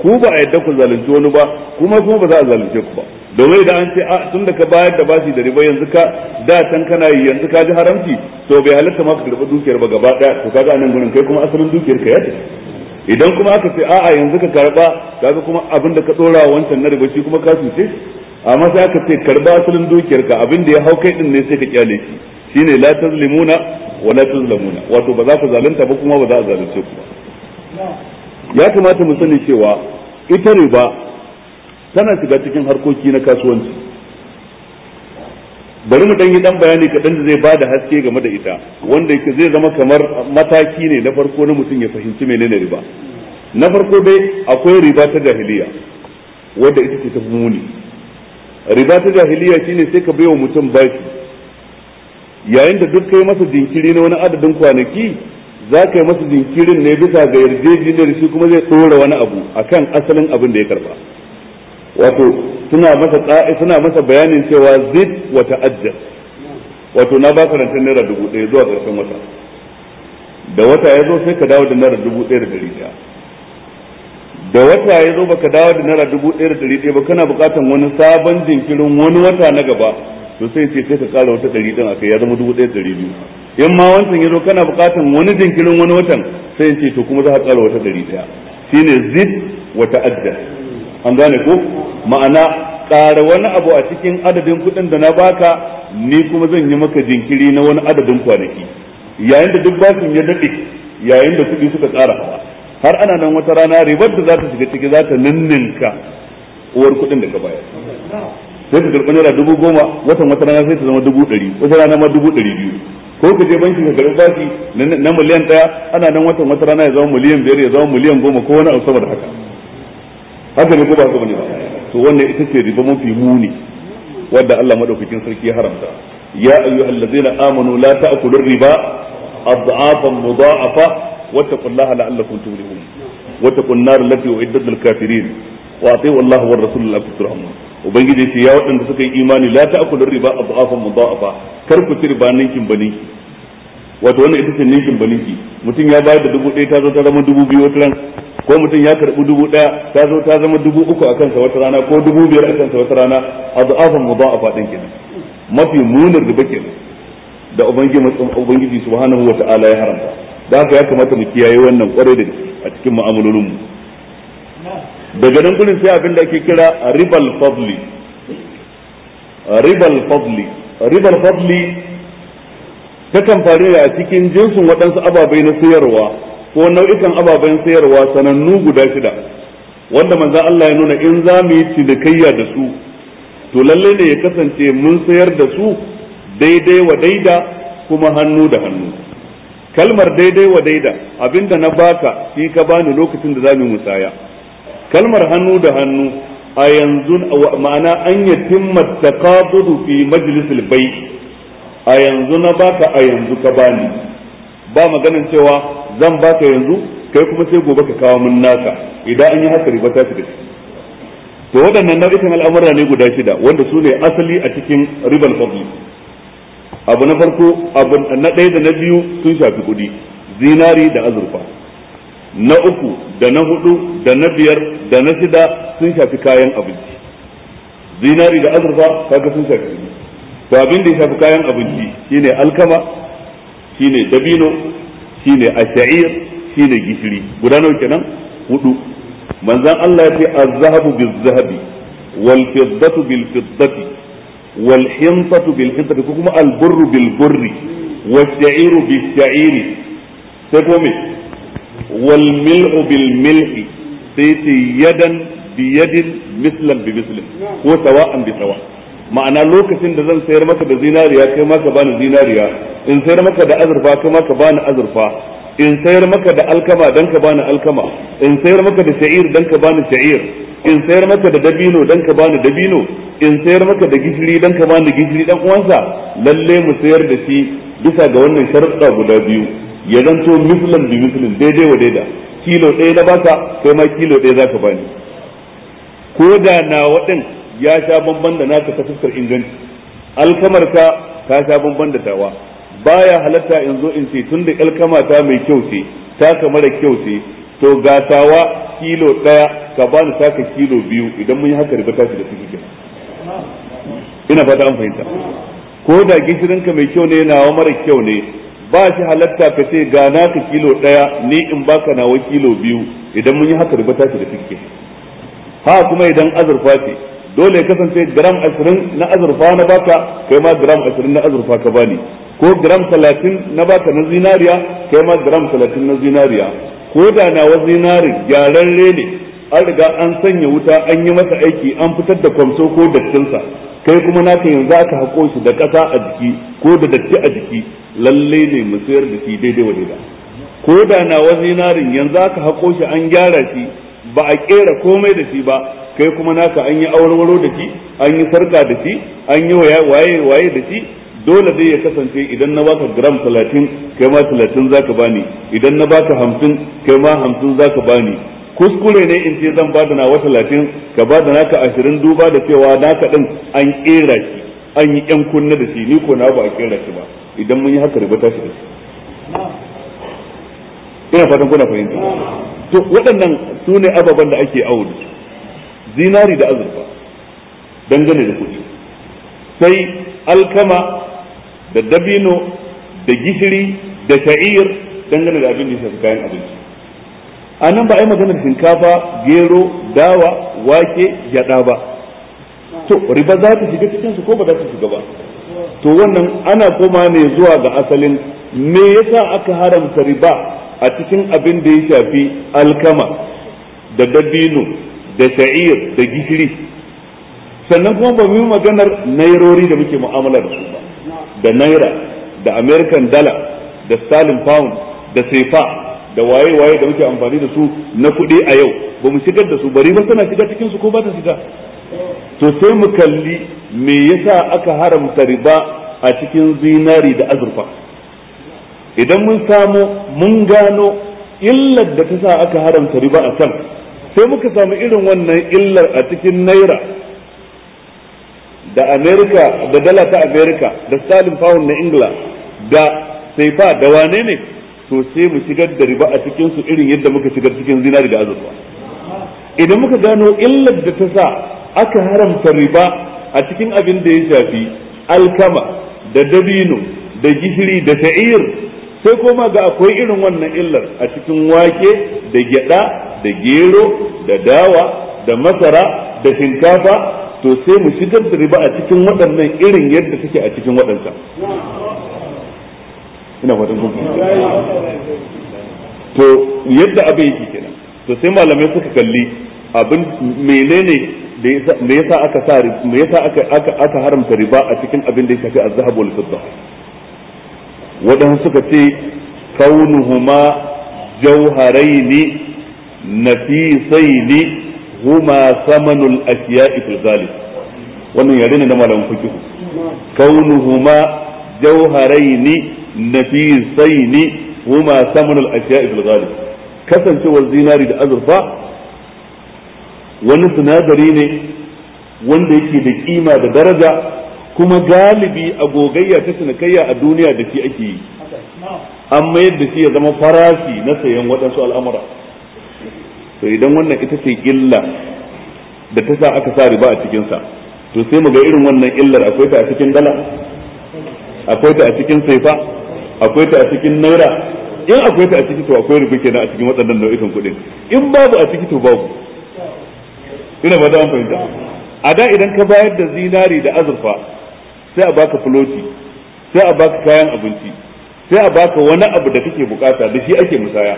ku ba a yadda ku zalunci wani ba kuma ku ba za a zalunce ku ba domin idan an ce a ah, tun da ka bayar da bashi da riba yanzu ka da can kana yi yanzu ka ji haramci to bai halitta ma ka karɓi dukiyar ba gaba ɗaya to kaga nan gurin kai kuma asalin dukiyar ka ya idan kuma aka ce a'a yanzu ka karɓa kaga kuma abin da ka ɗora wancan na riba shi kuma ka cuce amma sai aka ce karɓa asalin dukiyar ka abin da ya hau kai din ne sai ka kyale shi shine la tazlimuna wa la tuzlamuna wato ba za ku zalunta ba kuma ba za a zalunce ku ba ya kamata mu sani cewa ita riba tana shiga cikin harkoki na kasuwanci bari mu dan yi dan bayani kaɗan da zai bada haske game da ita wanda yake zai zama kamar mataki ne na farko na mutum ya fahimci menene riba na farko dai akwai riba ta jahiliya wadda ita ce ta muni riba ta jahiliya shine sai ka wa mutum bashi yayin da duk kai masa jinkiri na wani adadin kwanaki za ka yi masa jinkirin ne bisa ga yarjejeniyar shi kuma zai tsora wani abu akan asalin abin da ya karba wato suna masa suna masa bayanin cewa zid wa ta'ajjal wato na ba karantar naira dubu ɗaya zuwa ƙarshen wata da wata ya zo sai ka dawo da naira dubu ɗaya da ɗari ɗaya da wata ya zo baka dawo da naira dubu ɗaya da ɗari ɗaya ba kana buƙatar wani sabon jinkirin wani wata na gaba to sai ce kai ka kara wata ɗari ɗin aka ya zama dubu ɗaya ɗari biyu in ma wancan ya zo kana buƙatan wani jinkirin wani watan sai ce to kuma za ka kara wata ɗari ɗaya Shi ne zid wa ta'adda an gane ko ma'ana ƙara wani abu a cikin adadin kuɗin da na baka ni kuma zan yi maka jinkiri na wani adadin kwanaki yayin da duk bashin ya daɗe yayin da kuɗi suka ƙara hawa har ana nan wata rana ribar da za ta shiga ciki za ta ninninka uwar kuɗin da ka bayar sai ka karɓi naira dubu goma watan wata rana sai ta zama dubu ɗari wata rana ma dubu ɗari biyu ko ka je banki ka karɓi bashi na miliyan ɗaya ana nan watan wata rana ya zama miliyan biyar ya zama miliyan goma ko wani abu saboda haka haka ne ko ba haka ne ba to wannan ita ce riba mafi muni wadda Allah madaukakin sarki ya haramta ya ayyuhallazina amanu la ta'kulu riba adhafan mudha'afa wattaqullaha la'allakum tuflihun wattaqun nar allati u'iddat lil kafirin wa ati'u Allah war rasul la tusramun ubangiji ce ya waɗanda suka yi imani la ta'kulu riba adhafan mudha'afa kar ku ci riba ninkin baninki wato wannan ita ce ninkin baninki mutum ya bayar da dubu 1 ta zo ta zama dubu biyu wata ran ko mutum ya karɓi dubu ɗaya ta zo ta zama dubu uku a kansa wata rana ko dubu 5 a kansa wata rana adhafan mudha'afa din kenan mafi munin riba kenan da ubangiji ubangiji subhanahu wata'ala ya haramta da haka ya kamata mu kiyaye wannan kware da a cikin mu'amalolinmu mu daga nan gurin sai abin da ake kira ribal fadli ribal fadli ribal fadli ta kamfani a cikin jinsin waɗansu ababai na sayarwa ko nau'ikan ababai na sayarwa sanannu guda shida wanda manzan Allah ya nuna in za mu yi cinikayya da su to lallai ne ya kasance mun sayar da su daidai wa daida kuma hannu da hannu kalmar daidai wa daida abinda na baka shi ka bani lokacin da za mu musaya kalmar hannu da hannu a yanzu ma'ana an yi timmat taqabudu fi majlisil bai a yanzu na baka a yanzu ka bani ba maganin cewa zan baka yanzu kai kuma sai gobe ka kawo mun naka idan an yi haka riba ta shiga to waɗannan nau'ikan al'amura ne guda shida wanda su ne asali a cikin ribal fadli abu na farko abu na ɗaya da na biyu sun shafi kuɗi zinari da azurfa na uku da na hudu da na biyar da na shida sun shafi kayan abinci zinari da azurfa kaga sun shafi abinci to abin da ya shafi kayan abinci shine alkama shine dabino shine asha'ir shine gishiri guda nawa kenan hudu manzan Allah ya ce az-zahabu biz-zahabi wal fiddatu bil fiddati wal hintatu bil hintati ko kuma al burru bil burri was sha'iru bis sha'iri sai ko me wal mil'u bil mil'i sai ce yadan bi yadin mislan bi mislin ko sawa'an bi sawa ma'ana lokacin da zan sayar maka da zinariya kai ma ka bani zinariya in sayar maka da azurfa kai ma ka bani azurfa in sayar maka da alkama dan ka bani alkama in sayar maka da sha'ir dan ka bani sha'ir in sayar maka da dabino dan ka bani dabino in sayar maka da gishiri dan ka bani gishiri dan uwansa lalle mu sayar da shi bisa ga wannan sharuɗa guda biyu ya zanto mislan bi mislin daidai wa daida kilo ɗaya na baka kai ma kilo ɗaya za ka bani ko da na waɗin ya sha bamban da naka ta fuskar inganci alkamar ka ta sha bamban da tawa baya halatta in zo in ce tunda alkama ta mai kyau ce ta kamara kyau ce to ga tawa kilo ɗaya ka bani taka kilo biyu idan mun yi haka riba tashi da suke kyau ina fata an fahimta ko da gishirinka mai kyau ne nawa mara kyau ne ba shi halatta ka ce ga naka kilo ɗaya ni in baka nawa kilo biyu idan mun yi haka riba ta da fikke ha kuma idan azurfa ce dole ya kasance gram ashirin na azurfa na baka kai ma gram ashirin na azurfa ka bani ko gram talatin na baka na zinariya kai ma gram talatin na zinariya ko da nawa zinari gyararre ne an riga an sanya wuta an yi masa aiki an fitar da kwamso ko dattinsa kai kuma naka yanzu aka haƙo shi da ƙasa a jiki ko da datti a jiki lallai ne mu sayar da shi daidai wa daidai ko da na wani narin yanzu aka haƙo shi an gyara shi ba a ƙera komai da shi ba kai kuma naka an yi awarwaro da shi an yi sarka da shi an yi waye waye da shi dole dai ya kasance idan na baka gram talatin kai ma talatin zaka bani idan na baka hamsin kai ma hamsin zaka bani kuskure ne in ce zan bada wata latin ka da naka ashirin duba da cewa naka din an kera shi an yi yan kunna da shi ni ko na ba a kera shi ba idan mun yi haka riba ta shi da shi ina fatan kuna fahimta to waɗannan su ne ababen da ake awo zinari da azurfa dangane da kuɗi sai alkama da dabino da gishiri da sha'ir dangane da abin da shafi kayan abinci a nan ba a yi maganar shinkafa gero dawa wake gyada ba to riba za ta shiga cikin su ko ba za ta shiga ba to wannan ana koma ne zuwa ga asalin me yasa aka haramta riba a cikin abin da ya shafi alkama da dabino da sha'ir da gishiri sannan kuma ba mu maganar nairori da muke mu'amala da su ba da naira da american dollar da sterling pound da sefa da waye waye da muke amfani da su na kuɗi a yau ba mu shigar da su bari ba tana shiga cikin su ko ba ta shiga to sai mu kalli me yasa aka haramta riba a cikin zinari da azurfa idan mun samu mun gano illar da ta sa aka haramta riba a can sai muka samu irin wannan illar a cikin naira da america, da dala ta amerika da stalin pound na ingila da saifa da wane ne to sai mu shigar da riba a cikin su irin yadda muka shigar cikin zinari da azurfa idan muka gano illar da ta sa aka haramta riba a cikin abin da ya shafi alkama da dabino da gishiri da ta'ir sai koma ga akwai irin wannan illar a cikin wake da gyada da gero da dawa da masara da shinkafa to sai mu shigar da riba a cikin waɗannan irin yadda take a cikin waɗansa ina fatan kun to yadda abin yake kenan to sai malamai suka kalli abin menene da yasa aka sa me yasa aka aka aka haramta riba a cikin abin da ya shafi az-zahab wal fidda wadan suka ce kaunuhuma jawharaini nafisaini huma samanul asya'i fil ghalib wannan yare ne na malamin fiqh kaunuhuma jawharaini nafisaini huma samanul ashiya'i bil ghalib kasancewar zinari da azurfa wani sinadari ne wanda yake da kima da daraja kuma galibi a gogayya ta cinikayya a duniya da shi ake yi an mayar da shi ya zama farashi na sayan waɗansu al'amura to idan wannan ita ce illa da ta sa aka sa riba a cikinsa to sai mu ga irin wannan illar akwai ta a cikin dala akwai ta a cikin saifa akwai ta a cikin naira in akwai ta a ciki to akwai rubu kenan a cikin waɗannan nau'ikan kuɗin in babu a ciki to babu ina ba da amfani fahimta a da idan ka bayar da zinari da azurfa sai a baka filoti sai a baka kayan abinci sai a baka wani abu da kake bukata da shi ake musaya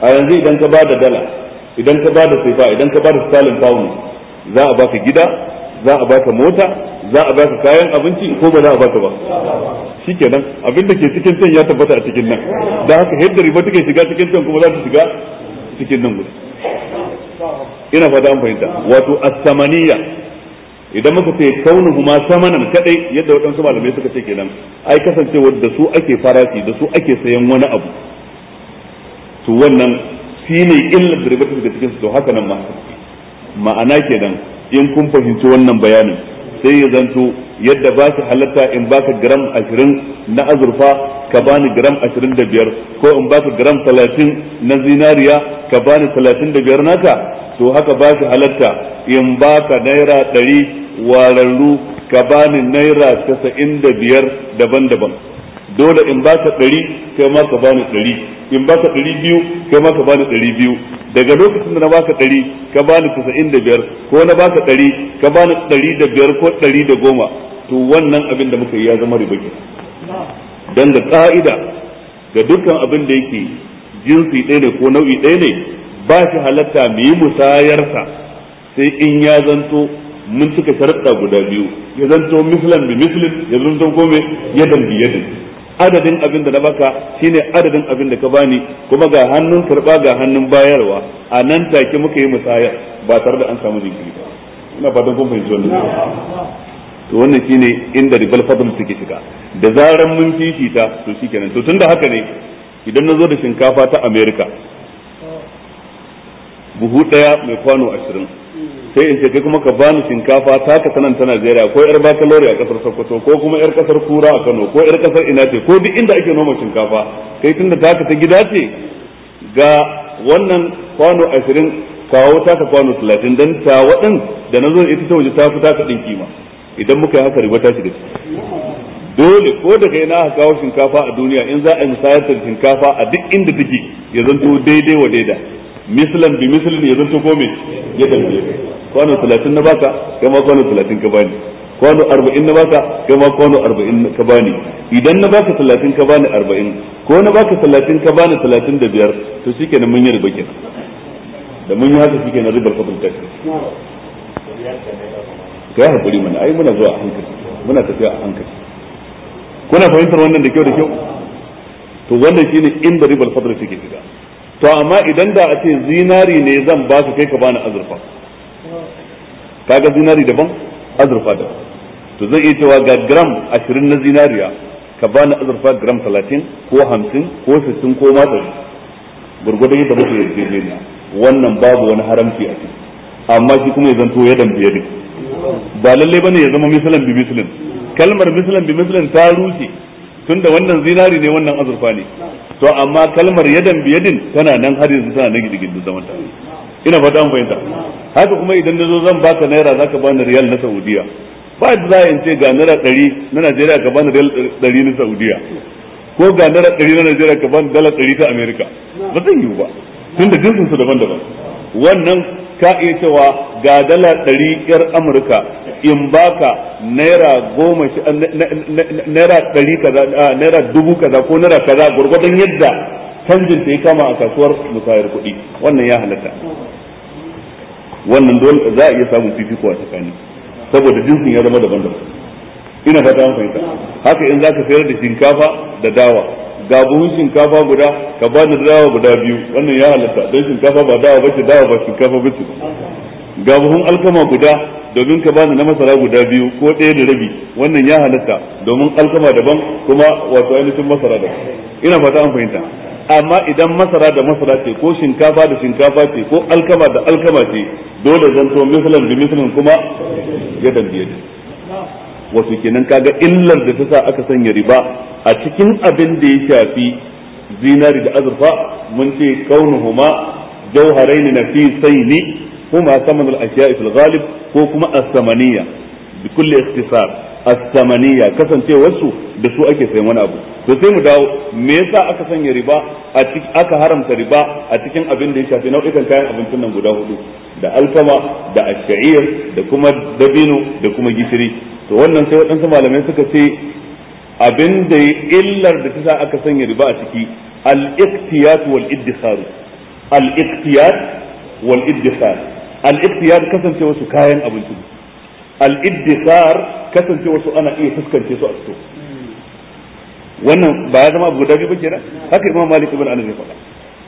a yanzu idan ka bada dala idan ka bada sefa idan ka bada sterling pound za a baka gida za a baka mota za a baka kayan abinci ko ba za a ba ka ba shi kenan abin da ke cikin can ya tabbata a cikin nan da haka yadda riba take shiga cikin can kuma za ta shiga cikin nan gudu ina fata an fahimta wato asamaniya idan muka ce kaunu ma samanan kadai yadda waɗansu malamai suka ce kenan ai kasancewar da su ake farashi da su ake sayan wani abu to wannan ne illar da riba take cikin su to haka nan ma ma'ana kenan in kun fahimci wannan bayanin sai ya zanto yadda ba shi halatta in baka gram 20 na azurfa ka bani gram 25 ko in baka gram 30 na zinariya ka bani 35 naka to haka ba shi halatta in baka naira 100 wararru ka bani naira 95 daban-daban dole in baka ɗari kai ma ka bani ɗari in baka ɗari biyu kai ma ka bani ɗari biyu daga lokacin da na baka ɗari ka bani tasa'in da biyar ko na baka ɗari ka bani ɗari da biyar ko ɗari da goma to wannan abin da muka yi ya zama riba dan da ka'ida ga dukkan abin da yake jinsi ɗaya ne ko nau'i ɗaya ne ba shi halatta mu yi musayarsa sai in ya zanto mun cika sharaɗa guda biyu ya zanto mislan bi mislin ya zanto gome yadan bi yadan adadin abin da na baka shine adadin abin da ka bani kuma ga hannun karba ga hannun bayarwa a nan take muka yi musayar ba tare da an samu jinkiri ba ina fatan kun fahimci wannan to wannan shine inda ribal fadl take shiga da zaran mun fifita to shikenan to tunda haka ne idan na zo da shinkafa ta America buhu daya mai kwano ashirin sai in ce kai kuma ka bani shinkafa ta ka sanan ta Najeriya ko yar bakalore a kasar Sokoto ko kuma yar kasar Kura a Kano ko yar kasar ina ce ko duk inda ake noma shinkafa kai tunda ta ka ta gida ce ga wannan kwano 20 kawo ta ka kwano 30 dan ta wadin da nazo ita ta waje ta fi taka ka kima idan muka yi haka riba ta shiga dole ko da kai na kawo shinkafa a duniya in za a yi musayar shinkafa a duk inda take ya zanto daidai wa daida mislan bi mislin ya zanto gome me ya dambe kwano 30 na baka kai ma kwano 30 ka bani kwano 40 na baka kai ma kwano 40 ka bani idan na baka 30 ka bani 40 ko na baka 30 ka bani 35 to shikenan mun yi riba kenan da mun yi haka shikenan ribar kabul tax kai hakuri mana ai muna zuwa a hankali muna tafiya a hankali kuna fahimtar wannan da kyau da kyau to wannan shine inda ribal fadl take to amma idan da a ce zinari ne zan ba su kai ka bani azurfa kaga zinari daban azurfa daban to zai iya cewa ga gram 20 na zinariya ka bani azurfa gram 30 ko 50 ko 60 ko ma gurgurdan yadda muke ne wannan babu wani haramci a ciki amma shi kuma ya zanto ya dambiye ne ba lalle bane ya zama misalan bi misalin kalmar misalan bi misalin ta rushe tunda wannan zinari ne wannan azurfa ne to amma kalmar yadan biyadin tana nan har yanzu tana nan gidigin zaman ta ina fata an fahimta haka kuma idan na zo zan baka naira zaka bani riyal na saudiya ba da za a in ga naira ɗari na najeriya ka bani riyal ɗari na saudiya ko ga naira ɗari na najeriya ka bani dala ɗari ta amerika ba zan yiwu ba tun da jinsinsu daban-daban wannan ka iya cewa ga dala ɗari yar amurka in baka naira goma naira ɗari kaza naira dubu kaza ko naira kaza gwargwadon yadda canjin ta ya kama a kasuwar musayar kuɗi wannan ya halatta wannan dole za a iya samun fifiko a tsakani saboda jinsin ya zama daban-daban ina fata an haka in za ka sayar da shinkafa da dawa ga buhun shinkafa guda ka ba ni dawa guda biyu wannan ya halatta don shinkafa ba dawa bace dawa ba shinkafa bace ga buhun alkama guda domin ka bani na masara guda biyu ko ɗaya da rabi wannan ya halatta domin alkama daban kuma wato ainihin masara daban ina fata an fahimta amma idan masara da masara ce ko shinkafa da shinkafa ce ko alkama da alkama ce dole zanto misalan da misalan kuma ya dambiye wato kenan kaga illar da ta sa aka sanya riba a cikin abin da ya shafi zinari da azurfa mun ce kaunuhuma jawharaini nafisaini huma saman al-ashiya fil ghalib ko kuma as-samaniya bi kulli ikhtisar as-samaniya kasancewar su da su ake sayan wani abu to sai mu dawo me yasa aka sanya riba a cikin aka haramta riba a cikin abin da ya shafi nau'ikan kayan abincin nan guda hudu da alfama da ash'ir da kuma dabino da kuma gishiri to wannan sai waɗansu malamai suka ce abin da illar da ta aka sanya riba a ciki al-iqtiyat wal iddikhar al-iqtiyat wal iddikhar al-iqtiyat kasance wasu kayan abinci al iddikhar kasance wasu ana iya fuskance su a cikin wannan ba ya zama abu guda biyu ba haka imam malik ibn anas ya faɗa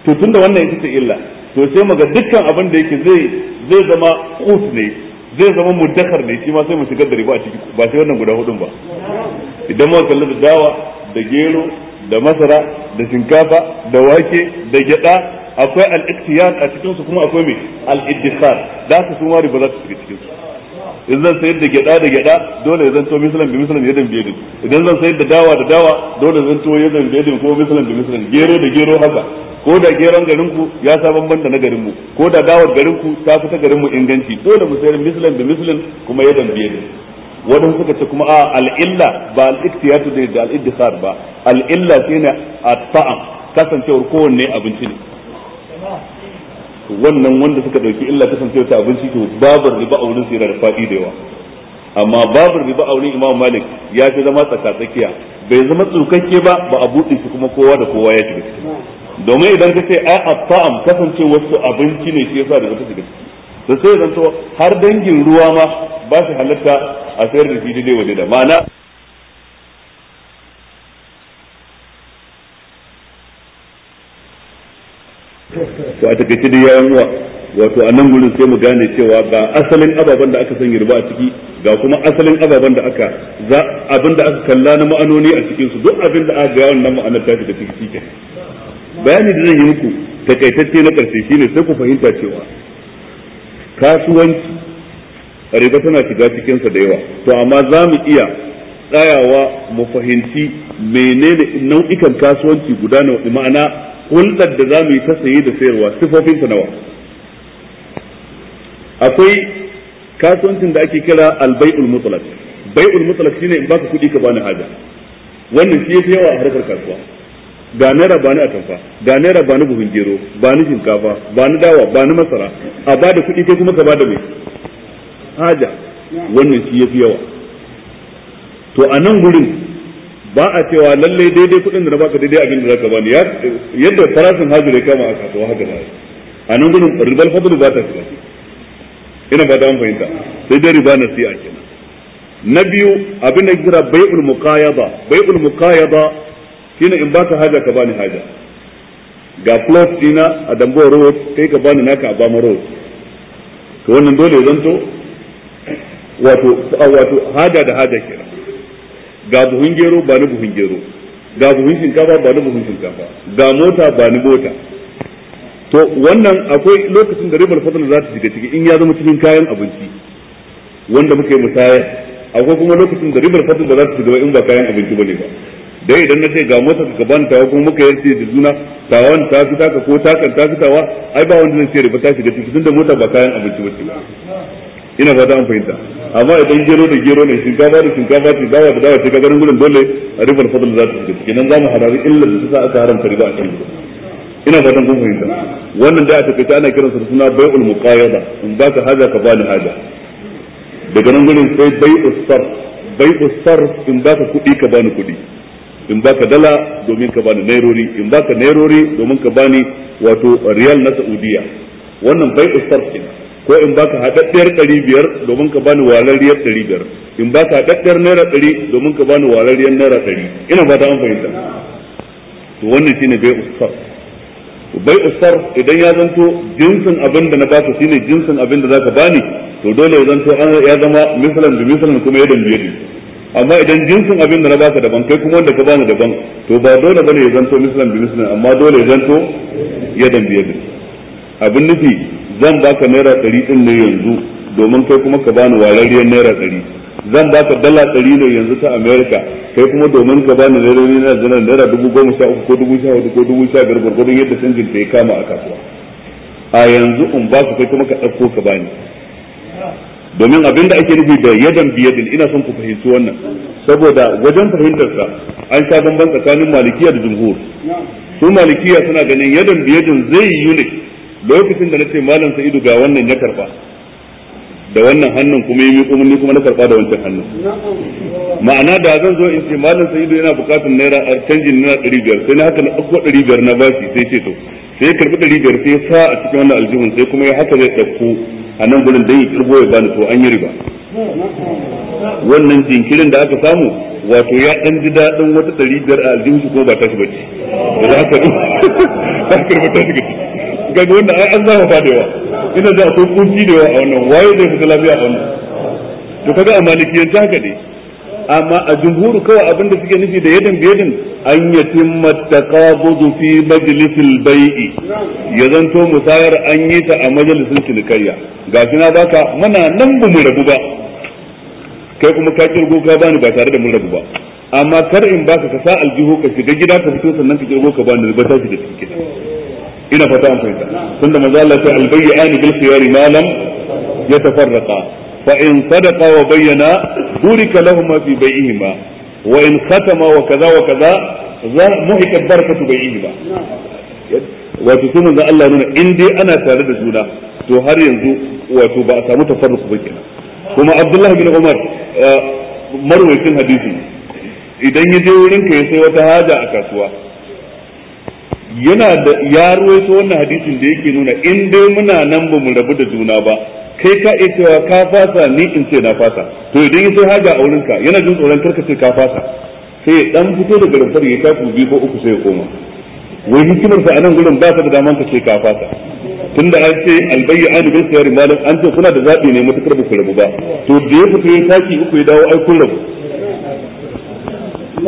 to tunda wannan ita ce illa to sai mu ga dukkan abin da yake zai zai zama qut ne zai zama muddakar ne shi ma sai mu shigar da riba a ciki ba sai wannan guda hudun ba idan muka kalli da dawa da gero da masara da shinkafa da wake da gyada akwai al-iktiyar a cikin su kuma akwai mai al-iddikhar da su kuma riba za su shiga cikin su idan zan sayar da gyada da gyada dole zan to misalan bi misalan yadan biyadin idan zan sayar da dawa da dawa dole zan to yadan biyadin ko misalan bi misalan gero da gero haka ko da geron garin ku ya sa bamban da na garin mu ko da dawar garin ku ta ta garin mu inganci dole mu sayar mislan da mislan kuma ya dambiye ne wadan suka ce kuma a al'illa ba al'iktiyatu da al'iddisar ba al'illa shine at-ta'am kasancewar kowanne abinci ne wannan wanda suka dauki illa kasancewar ta abinci to babar riba aurin su yana da fadi da yawa amma babar riba aurin imam malik ya fi zama tsakatsakiya bai zama tsukakke ba ba a buɗe shi kuma kowa da kowa ya shiga ciki domin idan ka ce ai at-ta'am kasance wasu abinci ne shi yasa da wata shiga da sai ya zanto har dangin ruwa ma ba shi halatta a sayar da shi daidai waje da ma'ana to a takaice dai yayan uwa wato a nan gurin sai mu gane cewa ga asalin ababen da aka san riba a ciki ga kuma asalin ababen da aka za abin da aka kalla na ma'anoni a cikin su duk abin da aka ga wannan ma'anar ta da ciki cikin bayani da zan yi muku takaitacce na karshe shine sai ku fahimta cewa kasuwanci riba tana shiga cikin sa da yawa to amma za mu iya tsayawa mu fahimci menene nau'ikan kasuwanci guda nawa ma'ana hulɗar da za mu yi ta saye da sayarwa sifofin sa nawa akwai kasuwancin da ake kira albai'ul mutlaq bai'ul mutlaq shine in baka kuɗi ka bani haja wannan shi yafi yawa a harkar kasuwa ga naira ba ni atamfa ga naira ba ni buhun gero ba ni shinkafa ba ni dawa ba ni masara a ba da kuɗi kai kuma ka ba da mai haja wannan shi yafi yawa to a nan gurin ba a cewa lallai daidai kuɗin da na baka daidai abin da zaka bani yadda farashin haji da kama a kasuwa haka ba a nan gurin ribal fadl ba ta shiga ina ba da fahimta sai dai riba na siya kenan na biyu abin da kira bai'ul muqayyada bai'ul muqayyada shine in baka haja ka bani haja ga plot dina a dambo road kai ka bani naka a bama road to wannan dole zan to wato wato haja da haja kira ga buhun gero ba ni buhun gero ga buhun shinkafa ba ni buhun shinkafa ga mota ba ni mota to wannan akwai lokacin da ribar fadl za ta shiga ciki in ya zama cikin kayan abinci wanda muke musaya akwai kuma lokacin da ribar fadl ba za ta shiga in ba kayan abinci bane ba dai idan na ce ga mota ka ban ta kuma muka yarce da juna tawan ta fi ka ko takan ta fitawa ai ba wanda zai ce riba ta da ciki tunda mota ba kayan abinci ba ce ina fata an fahimta amma idan gero da gero ne shinkafa da shinkafa ce dawa da dawa ce ga garin gudun dole a da fadl za ta fi ciki nan zamu harari illar da sa aka haramta riba a kan ina fatan kun fahimta wannan da a takaice ana kiransa da suna bai'ul muqayyada in baka haja ka bani haja daga nan gurin sai bai'us sarf bai'us sarf in baka kuɗi ka bani kuɗi in baka dala domin ka bani nairori in baka nairori domin ka bani wato riyal na saudiya wannan bai ustar ko in baka haɗaɗɗiyar ɗari biyar domin ka bani walariyar ɗari biyar in baka haɗaɗɗiyar naira ɗari domin ka bani walariyar naira ɗari ina ba ta an fahimta to wannan shine bai ustar bai ustar idan ya zanto jinsin abin da na baka shine jinsin abin da zaka bani to dole ya zanto ya zama misalan da misalan kuma ya dambe amma idan jinsin abin da na baka daban kai kuma wanda ka bani daban to ba dole bane ya zanto mislan bi mislan amma dole ya zanto ya dambe ya abin nufi zan baka naira ɗari ɗin ne yanzu domin kai kuma ka bani wararriyar naira ɗari zan baka dala ɗari ne yanzu ta america kai kuma domin ka bani naira naira zanar naira dubu goma sha uku ko dubu sha hudu ko dubu sha biyar gwargwadon yadda canjin ta ya kama a kasuwa a yanzu in ba ka kai kuma ka ɗauko ka bani domin abin da ake nufi da yadan biyadin ina son ku fahimci wannan saboda wajen fahimtarsa an sha bamban tsakanin malikiya da jumhur su malikiya suna ganin yadan biyadin zai yi ne lokacin da nace malam sa'idu ga wannan ya karba da wannan hannun kuma yi miƙo ni kuma na karba da wancan hannun ma'ana da zan zo in ce malam sa'idu yana bukatun naira canjin naira ɗari biyar sai na haka na ɗauko ɗari biyar na bashi sai ce to sai ya karbi ɗari biyar sai ya sa a cikin wannan aljihun sai kuma ya haka zai ɗauko a nan gudun dai ya kirgo ya bani to an yi riba wannan jinkirin da aka samu wato ya dan ji dadin wata ɗari biyar a aljihun shi ko ba ta shi bace da za ka za ka rubuta shi gaci ga wanda ai an zama fadewa ina da akwai kunci da yawa a wannan waye zai fi lafiya a wannan to kaga a malikiyar ta haka ne amma a jumhuru kawai abin da suke nufi da yadin biyadin an yatimma taqabudu fi majlisil bai'i ya zanto musayar an yi ta a majalisin cinikayya gashi na baka muna nan ba mu rabu ba kai kuma ka kirgo ka bani ba tare da mun rabu ba amma kar in baka ka sa aljihu ka shiga gida ka fito sannan ka kirgo ka bani ba ta da cikin ina fata an fahimta tunda manzo Allah ya albayyana bil khiyari ma lam yatafarraqa fa in sadaqa wa bayyana burika lahum fi bai'ihima wa in khatama wa kaza wa kaza za muhikat barakatu bai'ihima wato sunan da Allah nuna in dai ana tare da juna to har yanzu wato ba a samu tafarruq ba kenan kuma Abdullahi bin Umar eh, marwayin hadisi idan yaje wurin ka ya sai wata haja a kasuwa yana da ya ruwaito wannan hadisin da yake nuna in dai muna nan ba mu rabu da juna ba kai ka iya eh, cewa ka fasa ni in ce na fasa to idan ya sai haja a wurinka yana jin tsoron karka ce ka fasa sai dan fito daga rumfar ya ta kubi ko uku sai ya koma wai hikimar sa anan gurin ba ta da daman ka ce ka fasa tunda an ce albayyana sayar da malam an ce kuna da zabi ne mutakar ba ku rabu ba to da ya fito ya saki uku ya dawo ai kun rabu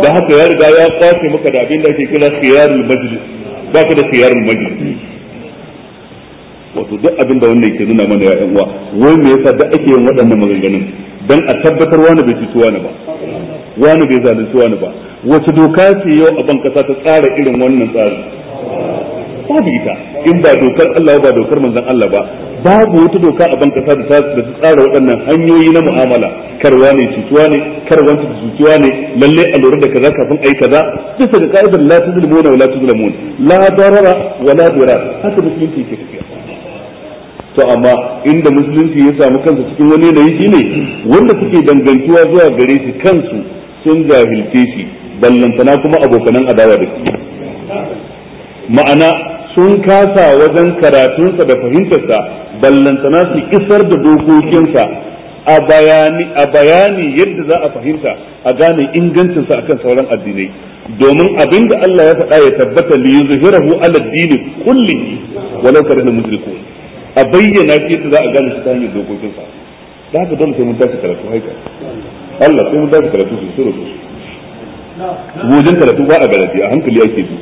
da haka ya riga ya kwace maka da abin da ake kira khiyarul majlis ba ka da khiyarul majlis wato duk abin da wannan ke nuna mana ya yan uwa wai me yasa da ake yin waɗannan maganganun dan a tabbatar wani bai cuci wani ba wani bai zalunci wani ba wace doka ce yau a ban kasa ta tsara irin wannan tsari babu ita in ba dokar Allah ba dokar manzon Allah ba babu wata doka a ban kasa da ta tsara waɗannan hanyoyi na mu'amala karwa ne cutuwa ne karwanta da cutuwa ne lalle a lura da kaza kafin ayi kaza bisa ga ka'idar la tuzlimuna wa la tuzlamun la darara wa la dirar haka musulunci ke tafiya to amma inda musulunci ya samu kansa cikin wani yanayi ne, wanda suke dangantuwa zuwa gare shi kansu sun jahilce shi ballantana kuma abokanan adawa da shi ma'ana sun kasa wajen karatunsa da fahimtarsa ballantana su isar da dokokinsa a bayani a bayani yadda za a fahimta a gane ingancin sa akan sauran addinai domin abinda Allah ya faɗa ya tabbata li yuzhirahu ala dini kulli walau da mushrikun a bayyana shi yadda za a gane shi ta hanyar dokokinsa da haka dole sai mun tashi karatu haika Allah sai mun tashi karatu sosai da sosai wajen karatu ba a garaji a hankali ake bi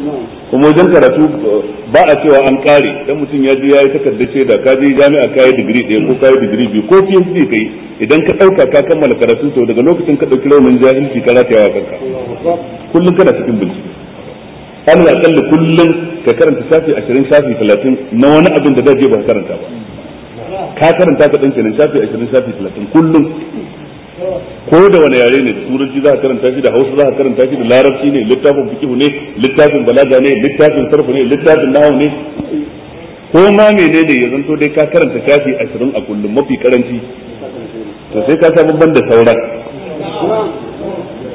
kuma wajen karatu uh, ba a cewa an kare dan mutum ya je takarda ce da ka je jami'a ka yi digiri ɗaya ko ka yi digiri biyu ko PhD kai idan ka ɗauka ka kammala karatu to daga lokacin ka ɗauki raunin jahilci ka rataya wa kanka kullum kana cikin bincike ya aqall kullum ka karanta safi 20 shafi 30 na wani abin da zai je ba karanta ba ka karanta ka dan kenan safi 20 shafi 30 kullum ko da wani yare ne turanci za ka karanta shi da hausa za ka karanta shi da larabci ne littafin fikihu ne littafin balaga ne littafin sarfu ne littafin nahwu ne ko ma menene ya zanto dai ka karanta safi 20 a kullum mafi karanci to sai ka sa babban da sauran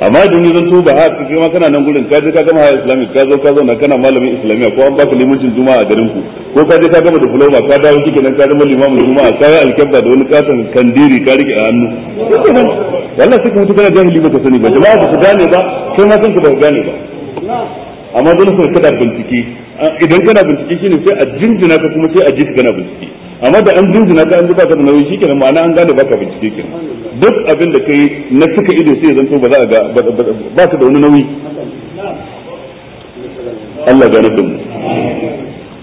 amma idan zan to ba haka kai ma kana nan gurin ka je ka gama haya islamic ka zo ka zo na kana malamin islamiya ko an baka limancin juma'a a garin ku ko ka je ka gama diploma ka dawo kike nan ka zama limamin juma'a ka yi alkabba da wani katon kandiri ka rike a hannu wallahi sai mutu kana jahili ba ka sani ba jama'a ba su gane ba kai ma kanka ba ku gane ba amma dole sai kada bincike idan kana bincike shine sai a jinjina ka kuma sai a ji kana bincike amma da an jinjina ka an ji baka da nauyi shikenan ma'ana an gane baka bincike kenan duk abin da kai na suka ido sai zanto ba za a ga ba ka da wani nauyi Allah ya da mu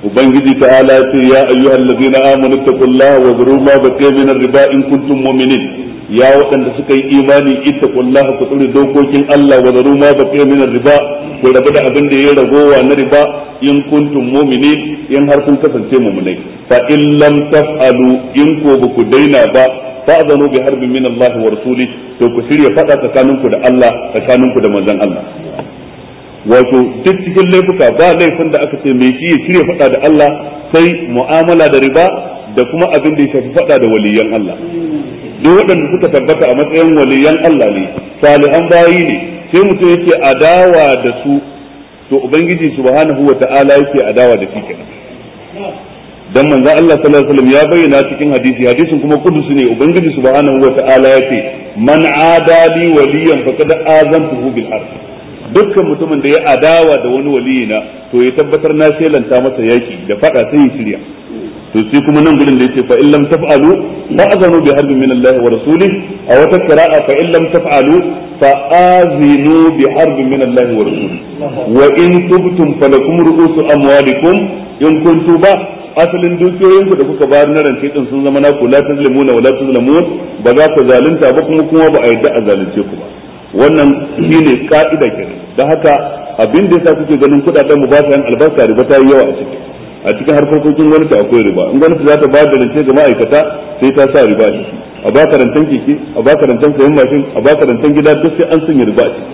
ubangiji ta ala ya ayyuhal ladina amanu taqullaha wa zuru ma baqiya min riba in kuntum mu'minin ya waɗanda suka yi imani ittaqullaha ku tsare dokokin Allah wa zaru ma baqiya min riba ku rabu da abin da ya ragowa na riba in kuntum mu'minin in har kun kasance mu'minai fa in lam taf'alu in ko ba ku daina ba fa'zanu bi harbin min Allah wa rasuli to ku shirya fada tsakaninku da Allah tsakaninku da manzon Allah wato duk cikin laifuka ba laifin da aka ce mai shi ya shirya fada da Allah sai mu'amala da riba da kuma abin da ya shafi fada da waliyan Allah duk waɗanda suka tabbata a matsayin waliyan Allah ne salihan bayi ne sai mutum yake adawa da su to ubangiji subhanahu wa ta'ala yake adawa da shi kenan dan manzo Allah sallallahu alaihi wasallam ya bayyana cikin hadisi hadisin kuma kudusi ne ubangiji subhanahu wa ta'ala yace man adali waliyan faqad azantuhu bil harb dukkan mutumin da ya adawa da wani waliyina to ya tabbatar na shelanta masa yaki da fada sai ya shirya to sai kuma nan gurin da yace fa illam taf'alu fa azanu bi harbin min Allah wa rasulih aw ta qira'a fa illam taf'alu fa azinu bi harbin min Allah wa rasulih wa in tubtum falakum ru'usu amwalikum in kuntu ba asalin dukiyoyin ku da kuka bayar na rance din sun zama naku la tazlimuna wa la tuzlamun ba za ku zalunta ba kuma kuma ba a yarda a zalunce ku ba wannan shine ka'ida kenan dan haka abin da yasa kuke ganin kudaden mu ba ta yan albarka riba ta yi yawa a ciki a cikin harkokin gwamnati akwai riba in gwamnati za ta ba da rance ga ma'aikata sai ta sa riba a ciki a ba karantan keke a ba karantan sayan mashin a ba karantan gida duk sai an sanya riba a ciki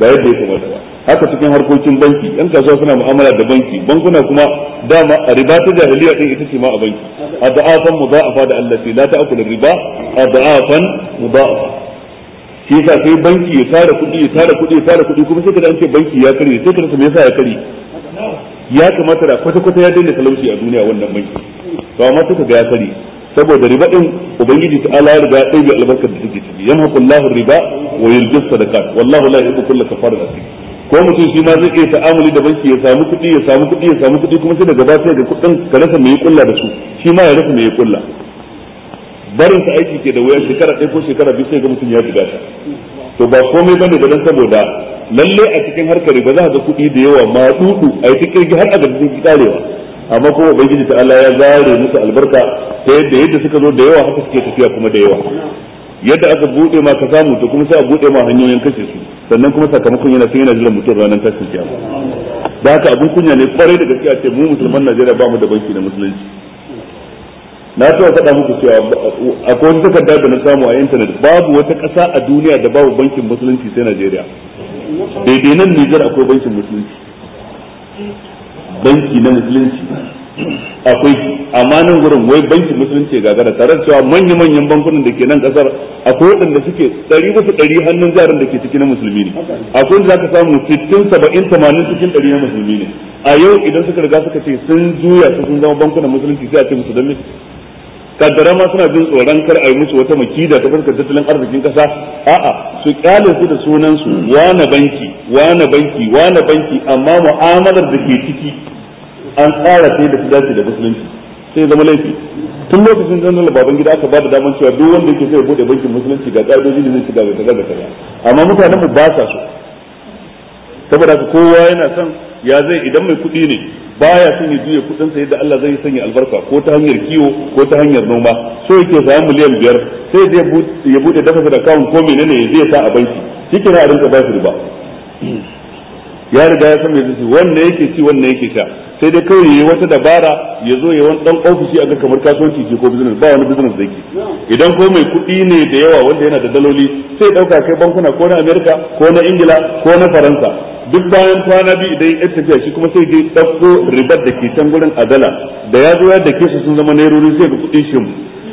ba yadda ya kamata ba haka cikin harkokin banki yan kasuwa suna mu'amala da banki bankuna kuma dama a riba ta jahiliya din ita ce ma a banki a a mudha'afa da allati la ta'kulu riba a adafan mudha'afa shi yasa sai banki ya tara kuɗi ya tara kuɗi ya tara kuɗi kuma sai kada an ce banki ya karye sai kada me yasa ya karye ya kamata da kwata-kwata ya daina talauci a duniya wannan mai to amma suka ga ya sani saboda riba din ubangiji ta ala ya riga ya ɗaya albarkar da take ciki yamhaqu Allahu riba wa yulbis sadaqat wallahu la yuhibbu kulla kafarin asik ko mutum shi ma zai iya ta'amuli da banki ya samu kuɗi ya samu kuɗi ya samu kuɗi kuma sai daga ba sai da kuɗin ka rasa me kulla da su shi ma ya rasa me kulla barin ta aiki ke da wayar shekara ɗaya ko shekara biyu sai ga mutum ya buga ta to ba komai bane da saboda lalle a cikin harkar ba za a ga kuɗi da yawa ma dudu a yi cikin har a gaba sun karewa amma kuma ubangiji ta Allah ya zare musu albarka ta yadda yadda suka zo da yawa haka suke tafiya kuma da yawa yadda aka bude ma ka samu to kuma sai a bude ma hanyoyin kashe su sannan kuma sakamakon yana sai yana jiran mutum ranar tashin kiyama da haka abin kunya ne kwarai da gaskiya ce mu musulman Najeriya ba mu da banki na musulunci na taɓa faɗa muku cewa akwai wani takarda da na samu a intanet babu wata ƙasa a duniya da babu bankin musulunci sai Najeriya daidai nan Nijar akwai bankin musulunci banki na musulunci akwai amma nan gurin wai bankin musulunci gara tare da cewa manya-manyan bankunan da ke nan kasar akwai waɗanda suke ɗari wasu ɗari hannun jarin da ke ciki na musulmi ne akwai za ka samu fitin saba'in tamanin cikin ɗari na musulmi ne a yau idan suka riga suka ce sun juya su sun zama bankunan musulunci sai a ce musu don kaddara ma suna jin tsoron kar a yi musu wata makida ta fuskar tattalin arzikin kasa a'a su kyale su da sunan su wane banki wane banki wane banki amma mu'amalar da ke ciki an tsara sai da su dace da musulunci sai zama laifi tun lokacin da Allah gida aka ba da daman cewa duk wanda yake sai ya bude bankin musulunci ga ka'idoji da zai shiga ga kaza da kaza amma mutanen mu ba sa so saboda kowa yana son ya zai idan mai kuɗi ne baya son ya juya kudin sa yadda Allah zai sanya albarka ko ta hanyar kiwo ko ta hanyar noma so yake samu miliyan biyar sai zai ya bude dafa da kawun ko menene ya zai sa a banki shike na rinka ba shi riba ya riga ya san me zai wannan yake ci wannan yake sha sai dai kawai yi wata dabara ya zo ya wani dan ofishi a ga kamar kasuwanci ce ko business ba wani business da yake idan ko mai kuɗi ne da yawa wanda yana da daloli sai dauka kai bankuna ko na America ko na Ingila ko na Faransa duk bayan kwana biyu idan ya tafiya shi kuma sai ya dauko ribar da ke can gurin dala da ya zo ya dake su sun zama nairori sai ga kuɗin shi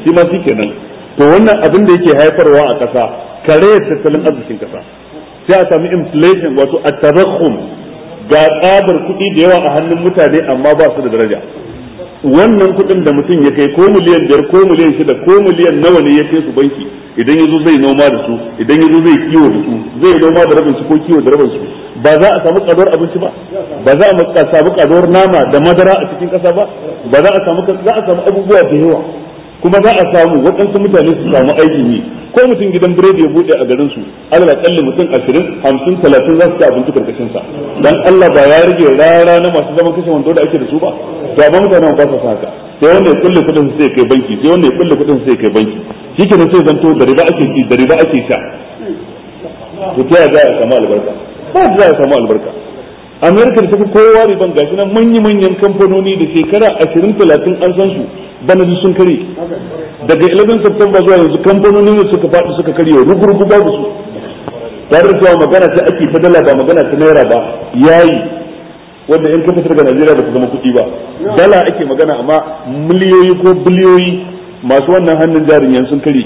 shi ma kenan to wannan abin da yake haifarwa a ƙasa kare tattalin arzikin ƙasa sai a sami inflation wato at-tadakhum ga tsabar kuɗi da yawa a hannun mutane amma ba su da daraja wannan kuɗin da mutum ya kai ko miliyan biyar ko miliyan shida ko miliyan nawa ne ya kai su banki idan ya zai noma da su idan ya zai kiwo da su zai noma da rabin su ko kiwo da rabin su ba za a samu kaduwar abinci ba ba za a samu kaduwar nama da madara a cikin ƙasa ba ba za a samu za a samu abubuwa da yawa kuma za a samu waɗansu mutane su samu aikin yi ko mutum gidan biredi ya buɗe a garin su alal kalli mutum ashirin hamsin talatin za su ci abinci karkashin sa dan Allah ba ya rage rara na masu zaman kashe wando da ake da su ba ga ba mutane ba su haka sai wanda ya kulle kudin sai kai banki sai wanda ya kulle kudin sai kai banki shike ne sai zanto da riba ake ci da riba ake sha to ta za a samu albarka ba za a samu albarka amerika da tafi kowa da gashi nan na manyan kamfanoni da shekara 20 talatin an san su bana sun kare daga 11 september zuwa yanzu kamfanoni ne suka faɗi suka karye rugurgu babu su tare da cewa magana ta ake ta dala ba magana ta naira ba yayi wanda yan kafa fitar najeriya ba su zama kuɗi ba dala ake magana amma miliyoyi ko biliyoyi masu wannan hannun jarin yan sun kare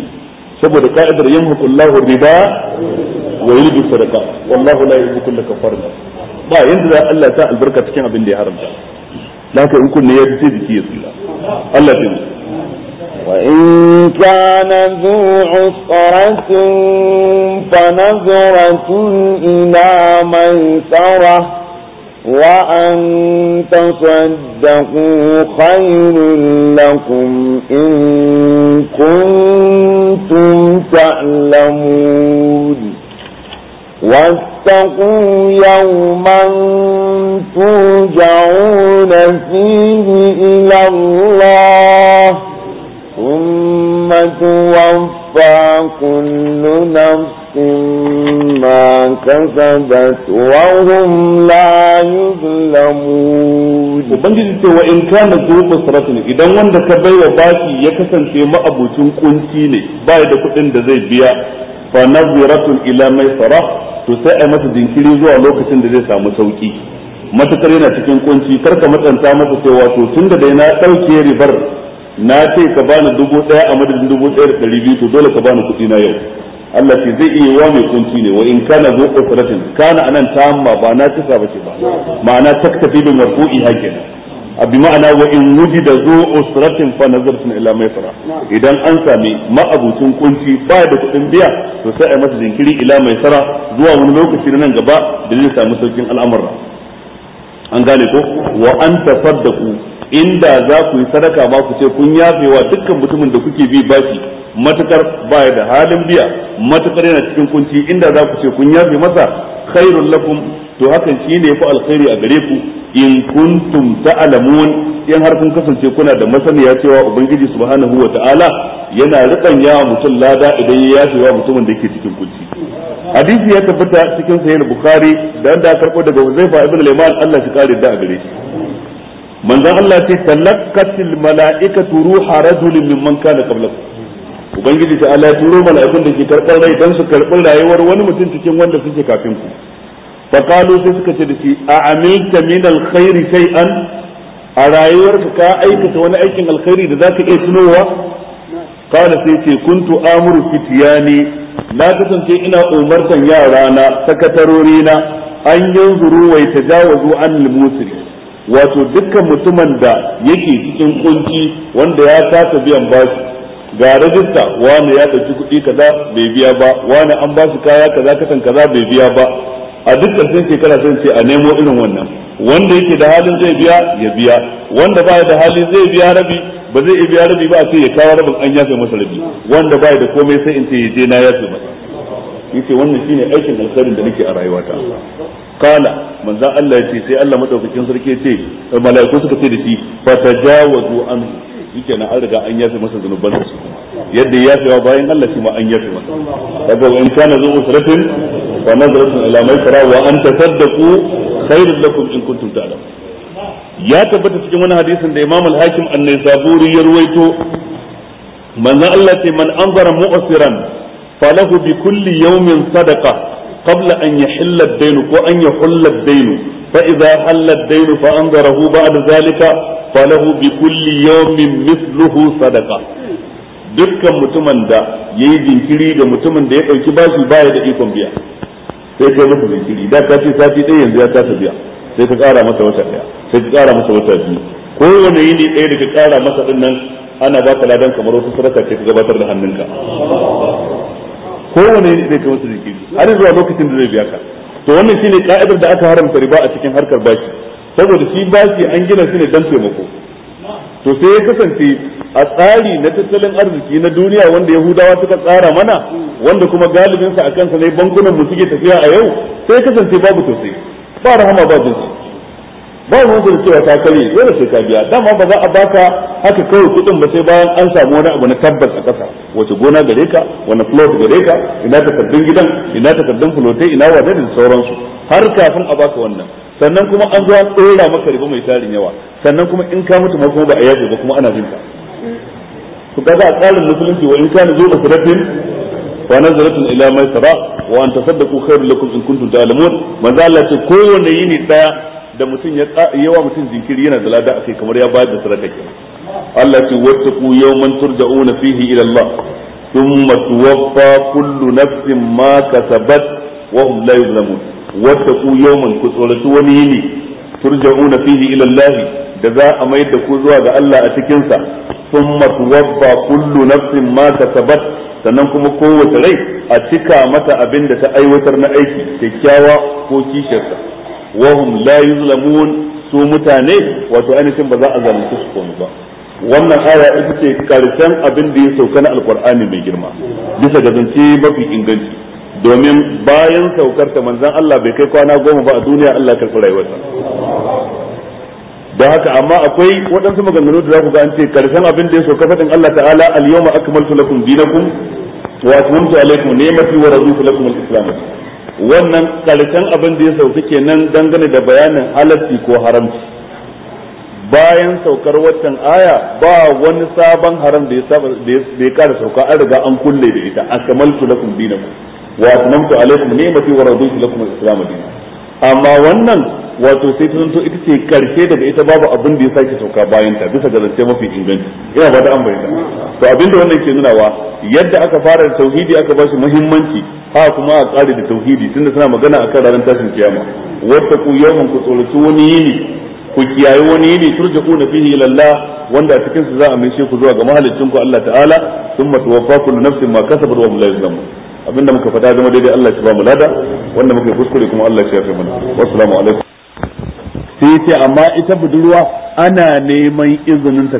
saboda ka'idar hukullahu riba wa yuridu sadaqa wallahu la yuhibbu kulla kafarin ba yanda za Allah ta albarka cikin abin da ya haramta haka in kunne ya sai jiki ya tsira Allah ya وإن كان ذو عسرة فنظرة إلى ميسرة وأن تصدقوا خير لكم إن كنتم تعلمون واتقوا يوما ترجعون فيه إلى الله ثم توفى كل نفس ما كسبت وهم لا يظلمون ubangiji ce wa in kana zu basratin idan wanda ka baiwa basi ya kasance ma'abucin kunci ne bai da kuɗin da zai biya fa naziratun ila maisara to sai a yi masa jinkiri zuwa lokacin da zai samu sauki matukar yana cikin kunci kar ka matsanta masa cewa to tun da dai na ɗauke ribar na ce ka bani dubu ɗaya a madadin dubu ɗaya da ɗari biyu to dole ka bani kuɗi na yau Allah ce zai iya wa mai kunci ne wa in kana zo ƙofaratin kana anan tamma ba na cika ba ce ba ma'ana taktafi bin marfu'i hakenan abi ma'ana wa in wujida zu usratin fa nazartun ila maisara idan an sami ma'abucin kunci ba da kuɗin biya to sai a masa jinkiri ila maisara zuwa wani lokaci nan gaba da zai samu saukin al'amura an gane ko wa an tasaddaqu inda za ku yi sadaka ba ku ce kun yafewa dukkan mutumin da kuke bi bashi matukar baya da halin biya matukar yana cikin kunci inda za ku ce kun yafe masa khairul lakum to hakan shi ne yafi alkhairi a gare ku in kuntum ta'lamun in har kun kasance kuna da masaniya cewa ubangiji subhanahu wa ta'ala yana rubanya wa mutum lada idan ya yafe wa mutumin da yake cikin kunci hadisi ya tabbata cikin sahih bukhari da da karbo daga Huzaifa ibn Liman Allah shi kare da a gare shi manzon Allah ce talakkatil mala'ikatu ruha rajulin mimman kana qablakum ubangiji ta Allah turo mala'ikun da ke karɓar rai dan su karɓi rayuwar wani mutum cikin wanda suke kafin ku faqalu sai suka ce da shi a amilta min alkhairi shay'an a rayuwarka ka aikata wani aikin alkhairi da zaka iya tunowa qala sai ce kuntu amuru ne. na kasance ina umartan yarana sakatarorina an yanzuru wa tajawazu an musri wato dukkan mutumin da yake cikin kunci wanda ya kasa biyan bashi ga rajista wani ya ɗauki kuɗi kaza bai biya ba wani an bashi kaya kaza katan kaza bai biya ba a duk karshen shekara sai ce a nemo irin wannan wanda yake da halin zai biya ya biya wanda baya da hali zai biya rabi ba zai biya rabi ba sai ya kawo rabin an yafe masa rabi wanda baya da komai sai in ce ya je na yafe masa yace wannan shine aikin alkhairin da nake a rayuwata kala manzo Allah yace sai Allah madaukakin sarki yace mala'iku suka ce da shi tajawazu an yake na an riga an yafe masa zanuban su yadda ya yafewa bayan Allah shi ma an yafe masa daga in kana zuwa usratin wa nazaratun ila maisara wa an tasaddaqu khairul lakum in kuntum ta'lamun ya tabbata cikin wani hadisin da Imam al-Hakim an-Naisaburi ya ruwaito manzo Allah ce man anzara mu'siran falahu bi kulli yawmin sadaqa قبل أن يحل الدين وأن يحل الدين فإذا حل الدين فأنظره بعد ذلك فله بكل يوم مثله صدقة dukkan mutumin da ya yi jinkiri da mutumin da ya ɗauki bashi baya da ikon biya sai kai musu jinkiri da ka ce sati ɗaya yanzu ya ta biya sai ka ƙara masa wata ɗaya sai ka ƙara masa wata biyu ko wani yini ɗaya da ka ƙara masa ɗin nan ana ba ka ladan kamar wasu sadaka ce ka gabatar da hannunka ko wani yini ɗaya ka masa jinkiri har zuwa lokacin da zai biya ka to wannan shine ka'idar da aka haramta riba a cikin harkar baki saboda shi baki an gina shi ne dan taimako to sai ya kasance a tsari na tattalin arziki na duniya wanda yahudawa suka tsara mana wanda kuma galibinsa akan sa ne bankunan mu suke tafiya a yau sai kasance babu sosai ba rahama ba jinsi ba mu da cewa ta kare dole sai ka biya dama ba za a baka haka kai kudin ba sai bayan an samu wani abu na tabbas a kasa wace gona gare ka wani plot gare ka ina takardun gidan ina takardun plot ina wadai da sauransu har kafin a baka wannan sannan kuma an zo an tsora maka riba mai tarin yawa sannan kuma in ka mutu ma kuma ba a yaje ba kuma ana jinka Ku kaga a tsarin musulunci wa in kana zo masarafin wa nazaratun ila mai sara wa an tasaddaqu khairul lakum in kuntum ta'lamun manzo Allah ce wanda yini daya da mutum ya yawa mutum jinkiri yana da lada akai kamar ya bayar da sadaka Allah ce wattaqu yawman turja'una fihi ila Allah thumma tuwaffa kullu nafsin ma kasabat wa hum la yuzlamun wattaqu yawman ku tsoratu wani yini turja'una fihi ila Allah da za a mai da ku zuwa ga Allah a cikin sa thumma tuwaffa kullu nafsin ma kasabat sannan kuma kowace rai a cika mata abin da ta aiwatar na aiki kyakkyawa ko kishirta wa la yuzlamun su mutane wato ainihin ba za a zalunci su komai ba wannan aya ita ce karshen abin da ya sauka na alkur'ani mai girma bisa ga zance mafi inganci domin bayan saukar ta manzon Allah bai kai kwana goma ba a duniya Allah ta rayuwarsa da haka amma akwai waɗansu maganganu da za ku ga an ce karshen abin da ya sauka faɗin Allah ta'ala al-yawma akmaltu lakum dinakum wa atmamtu alaykum ni'mati wa raditu lakum al-islam wannan karshen abin da ya sauka kenan dangane da bayanin halarci ko haramci bayan saukar watan aya ba wani sabon haram da ya kada sauka an riga an kulle da ita akmaltu lakum dinakum wa atmamtu alaikum ni'mati wa raditu lakum al amma wannan wato sai ta zanto ita ce karshe daga ita babu abin da ya sake sauka bayan ta bisa ga zance mafi inganci ina ba da an bayyana to abinda wannan ke nunawa yadda aka fara da tauhidi aka ba shi muhimmanci ha kuma a tsari da tauhidi tunda suna magana akan ranar tashin kiyama wata ku yawan ku tsoraci wani yini ku kiyaye wani yini turja'una fihi ilallah wanda a cikinsu za a mai ku zuwa ga mahalicin ku Allah ta'ala thumma tuwaffa kullu nafsin ma kasabat wa hum la abinda muka faɗa zama daidai Allah ya ba mu lada wanda muka kuskure kuma Allah ya shafe mana wassalamu alaikum sai ce amma ita budurwa ana neman izinin ta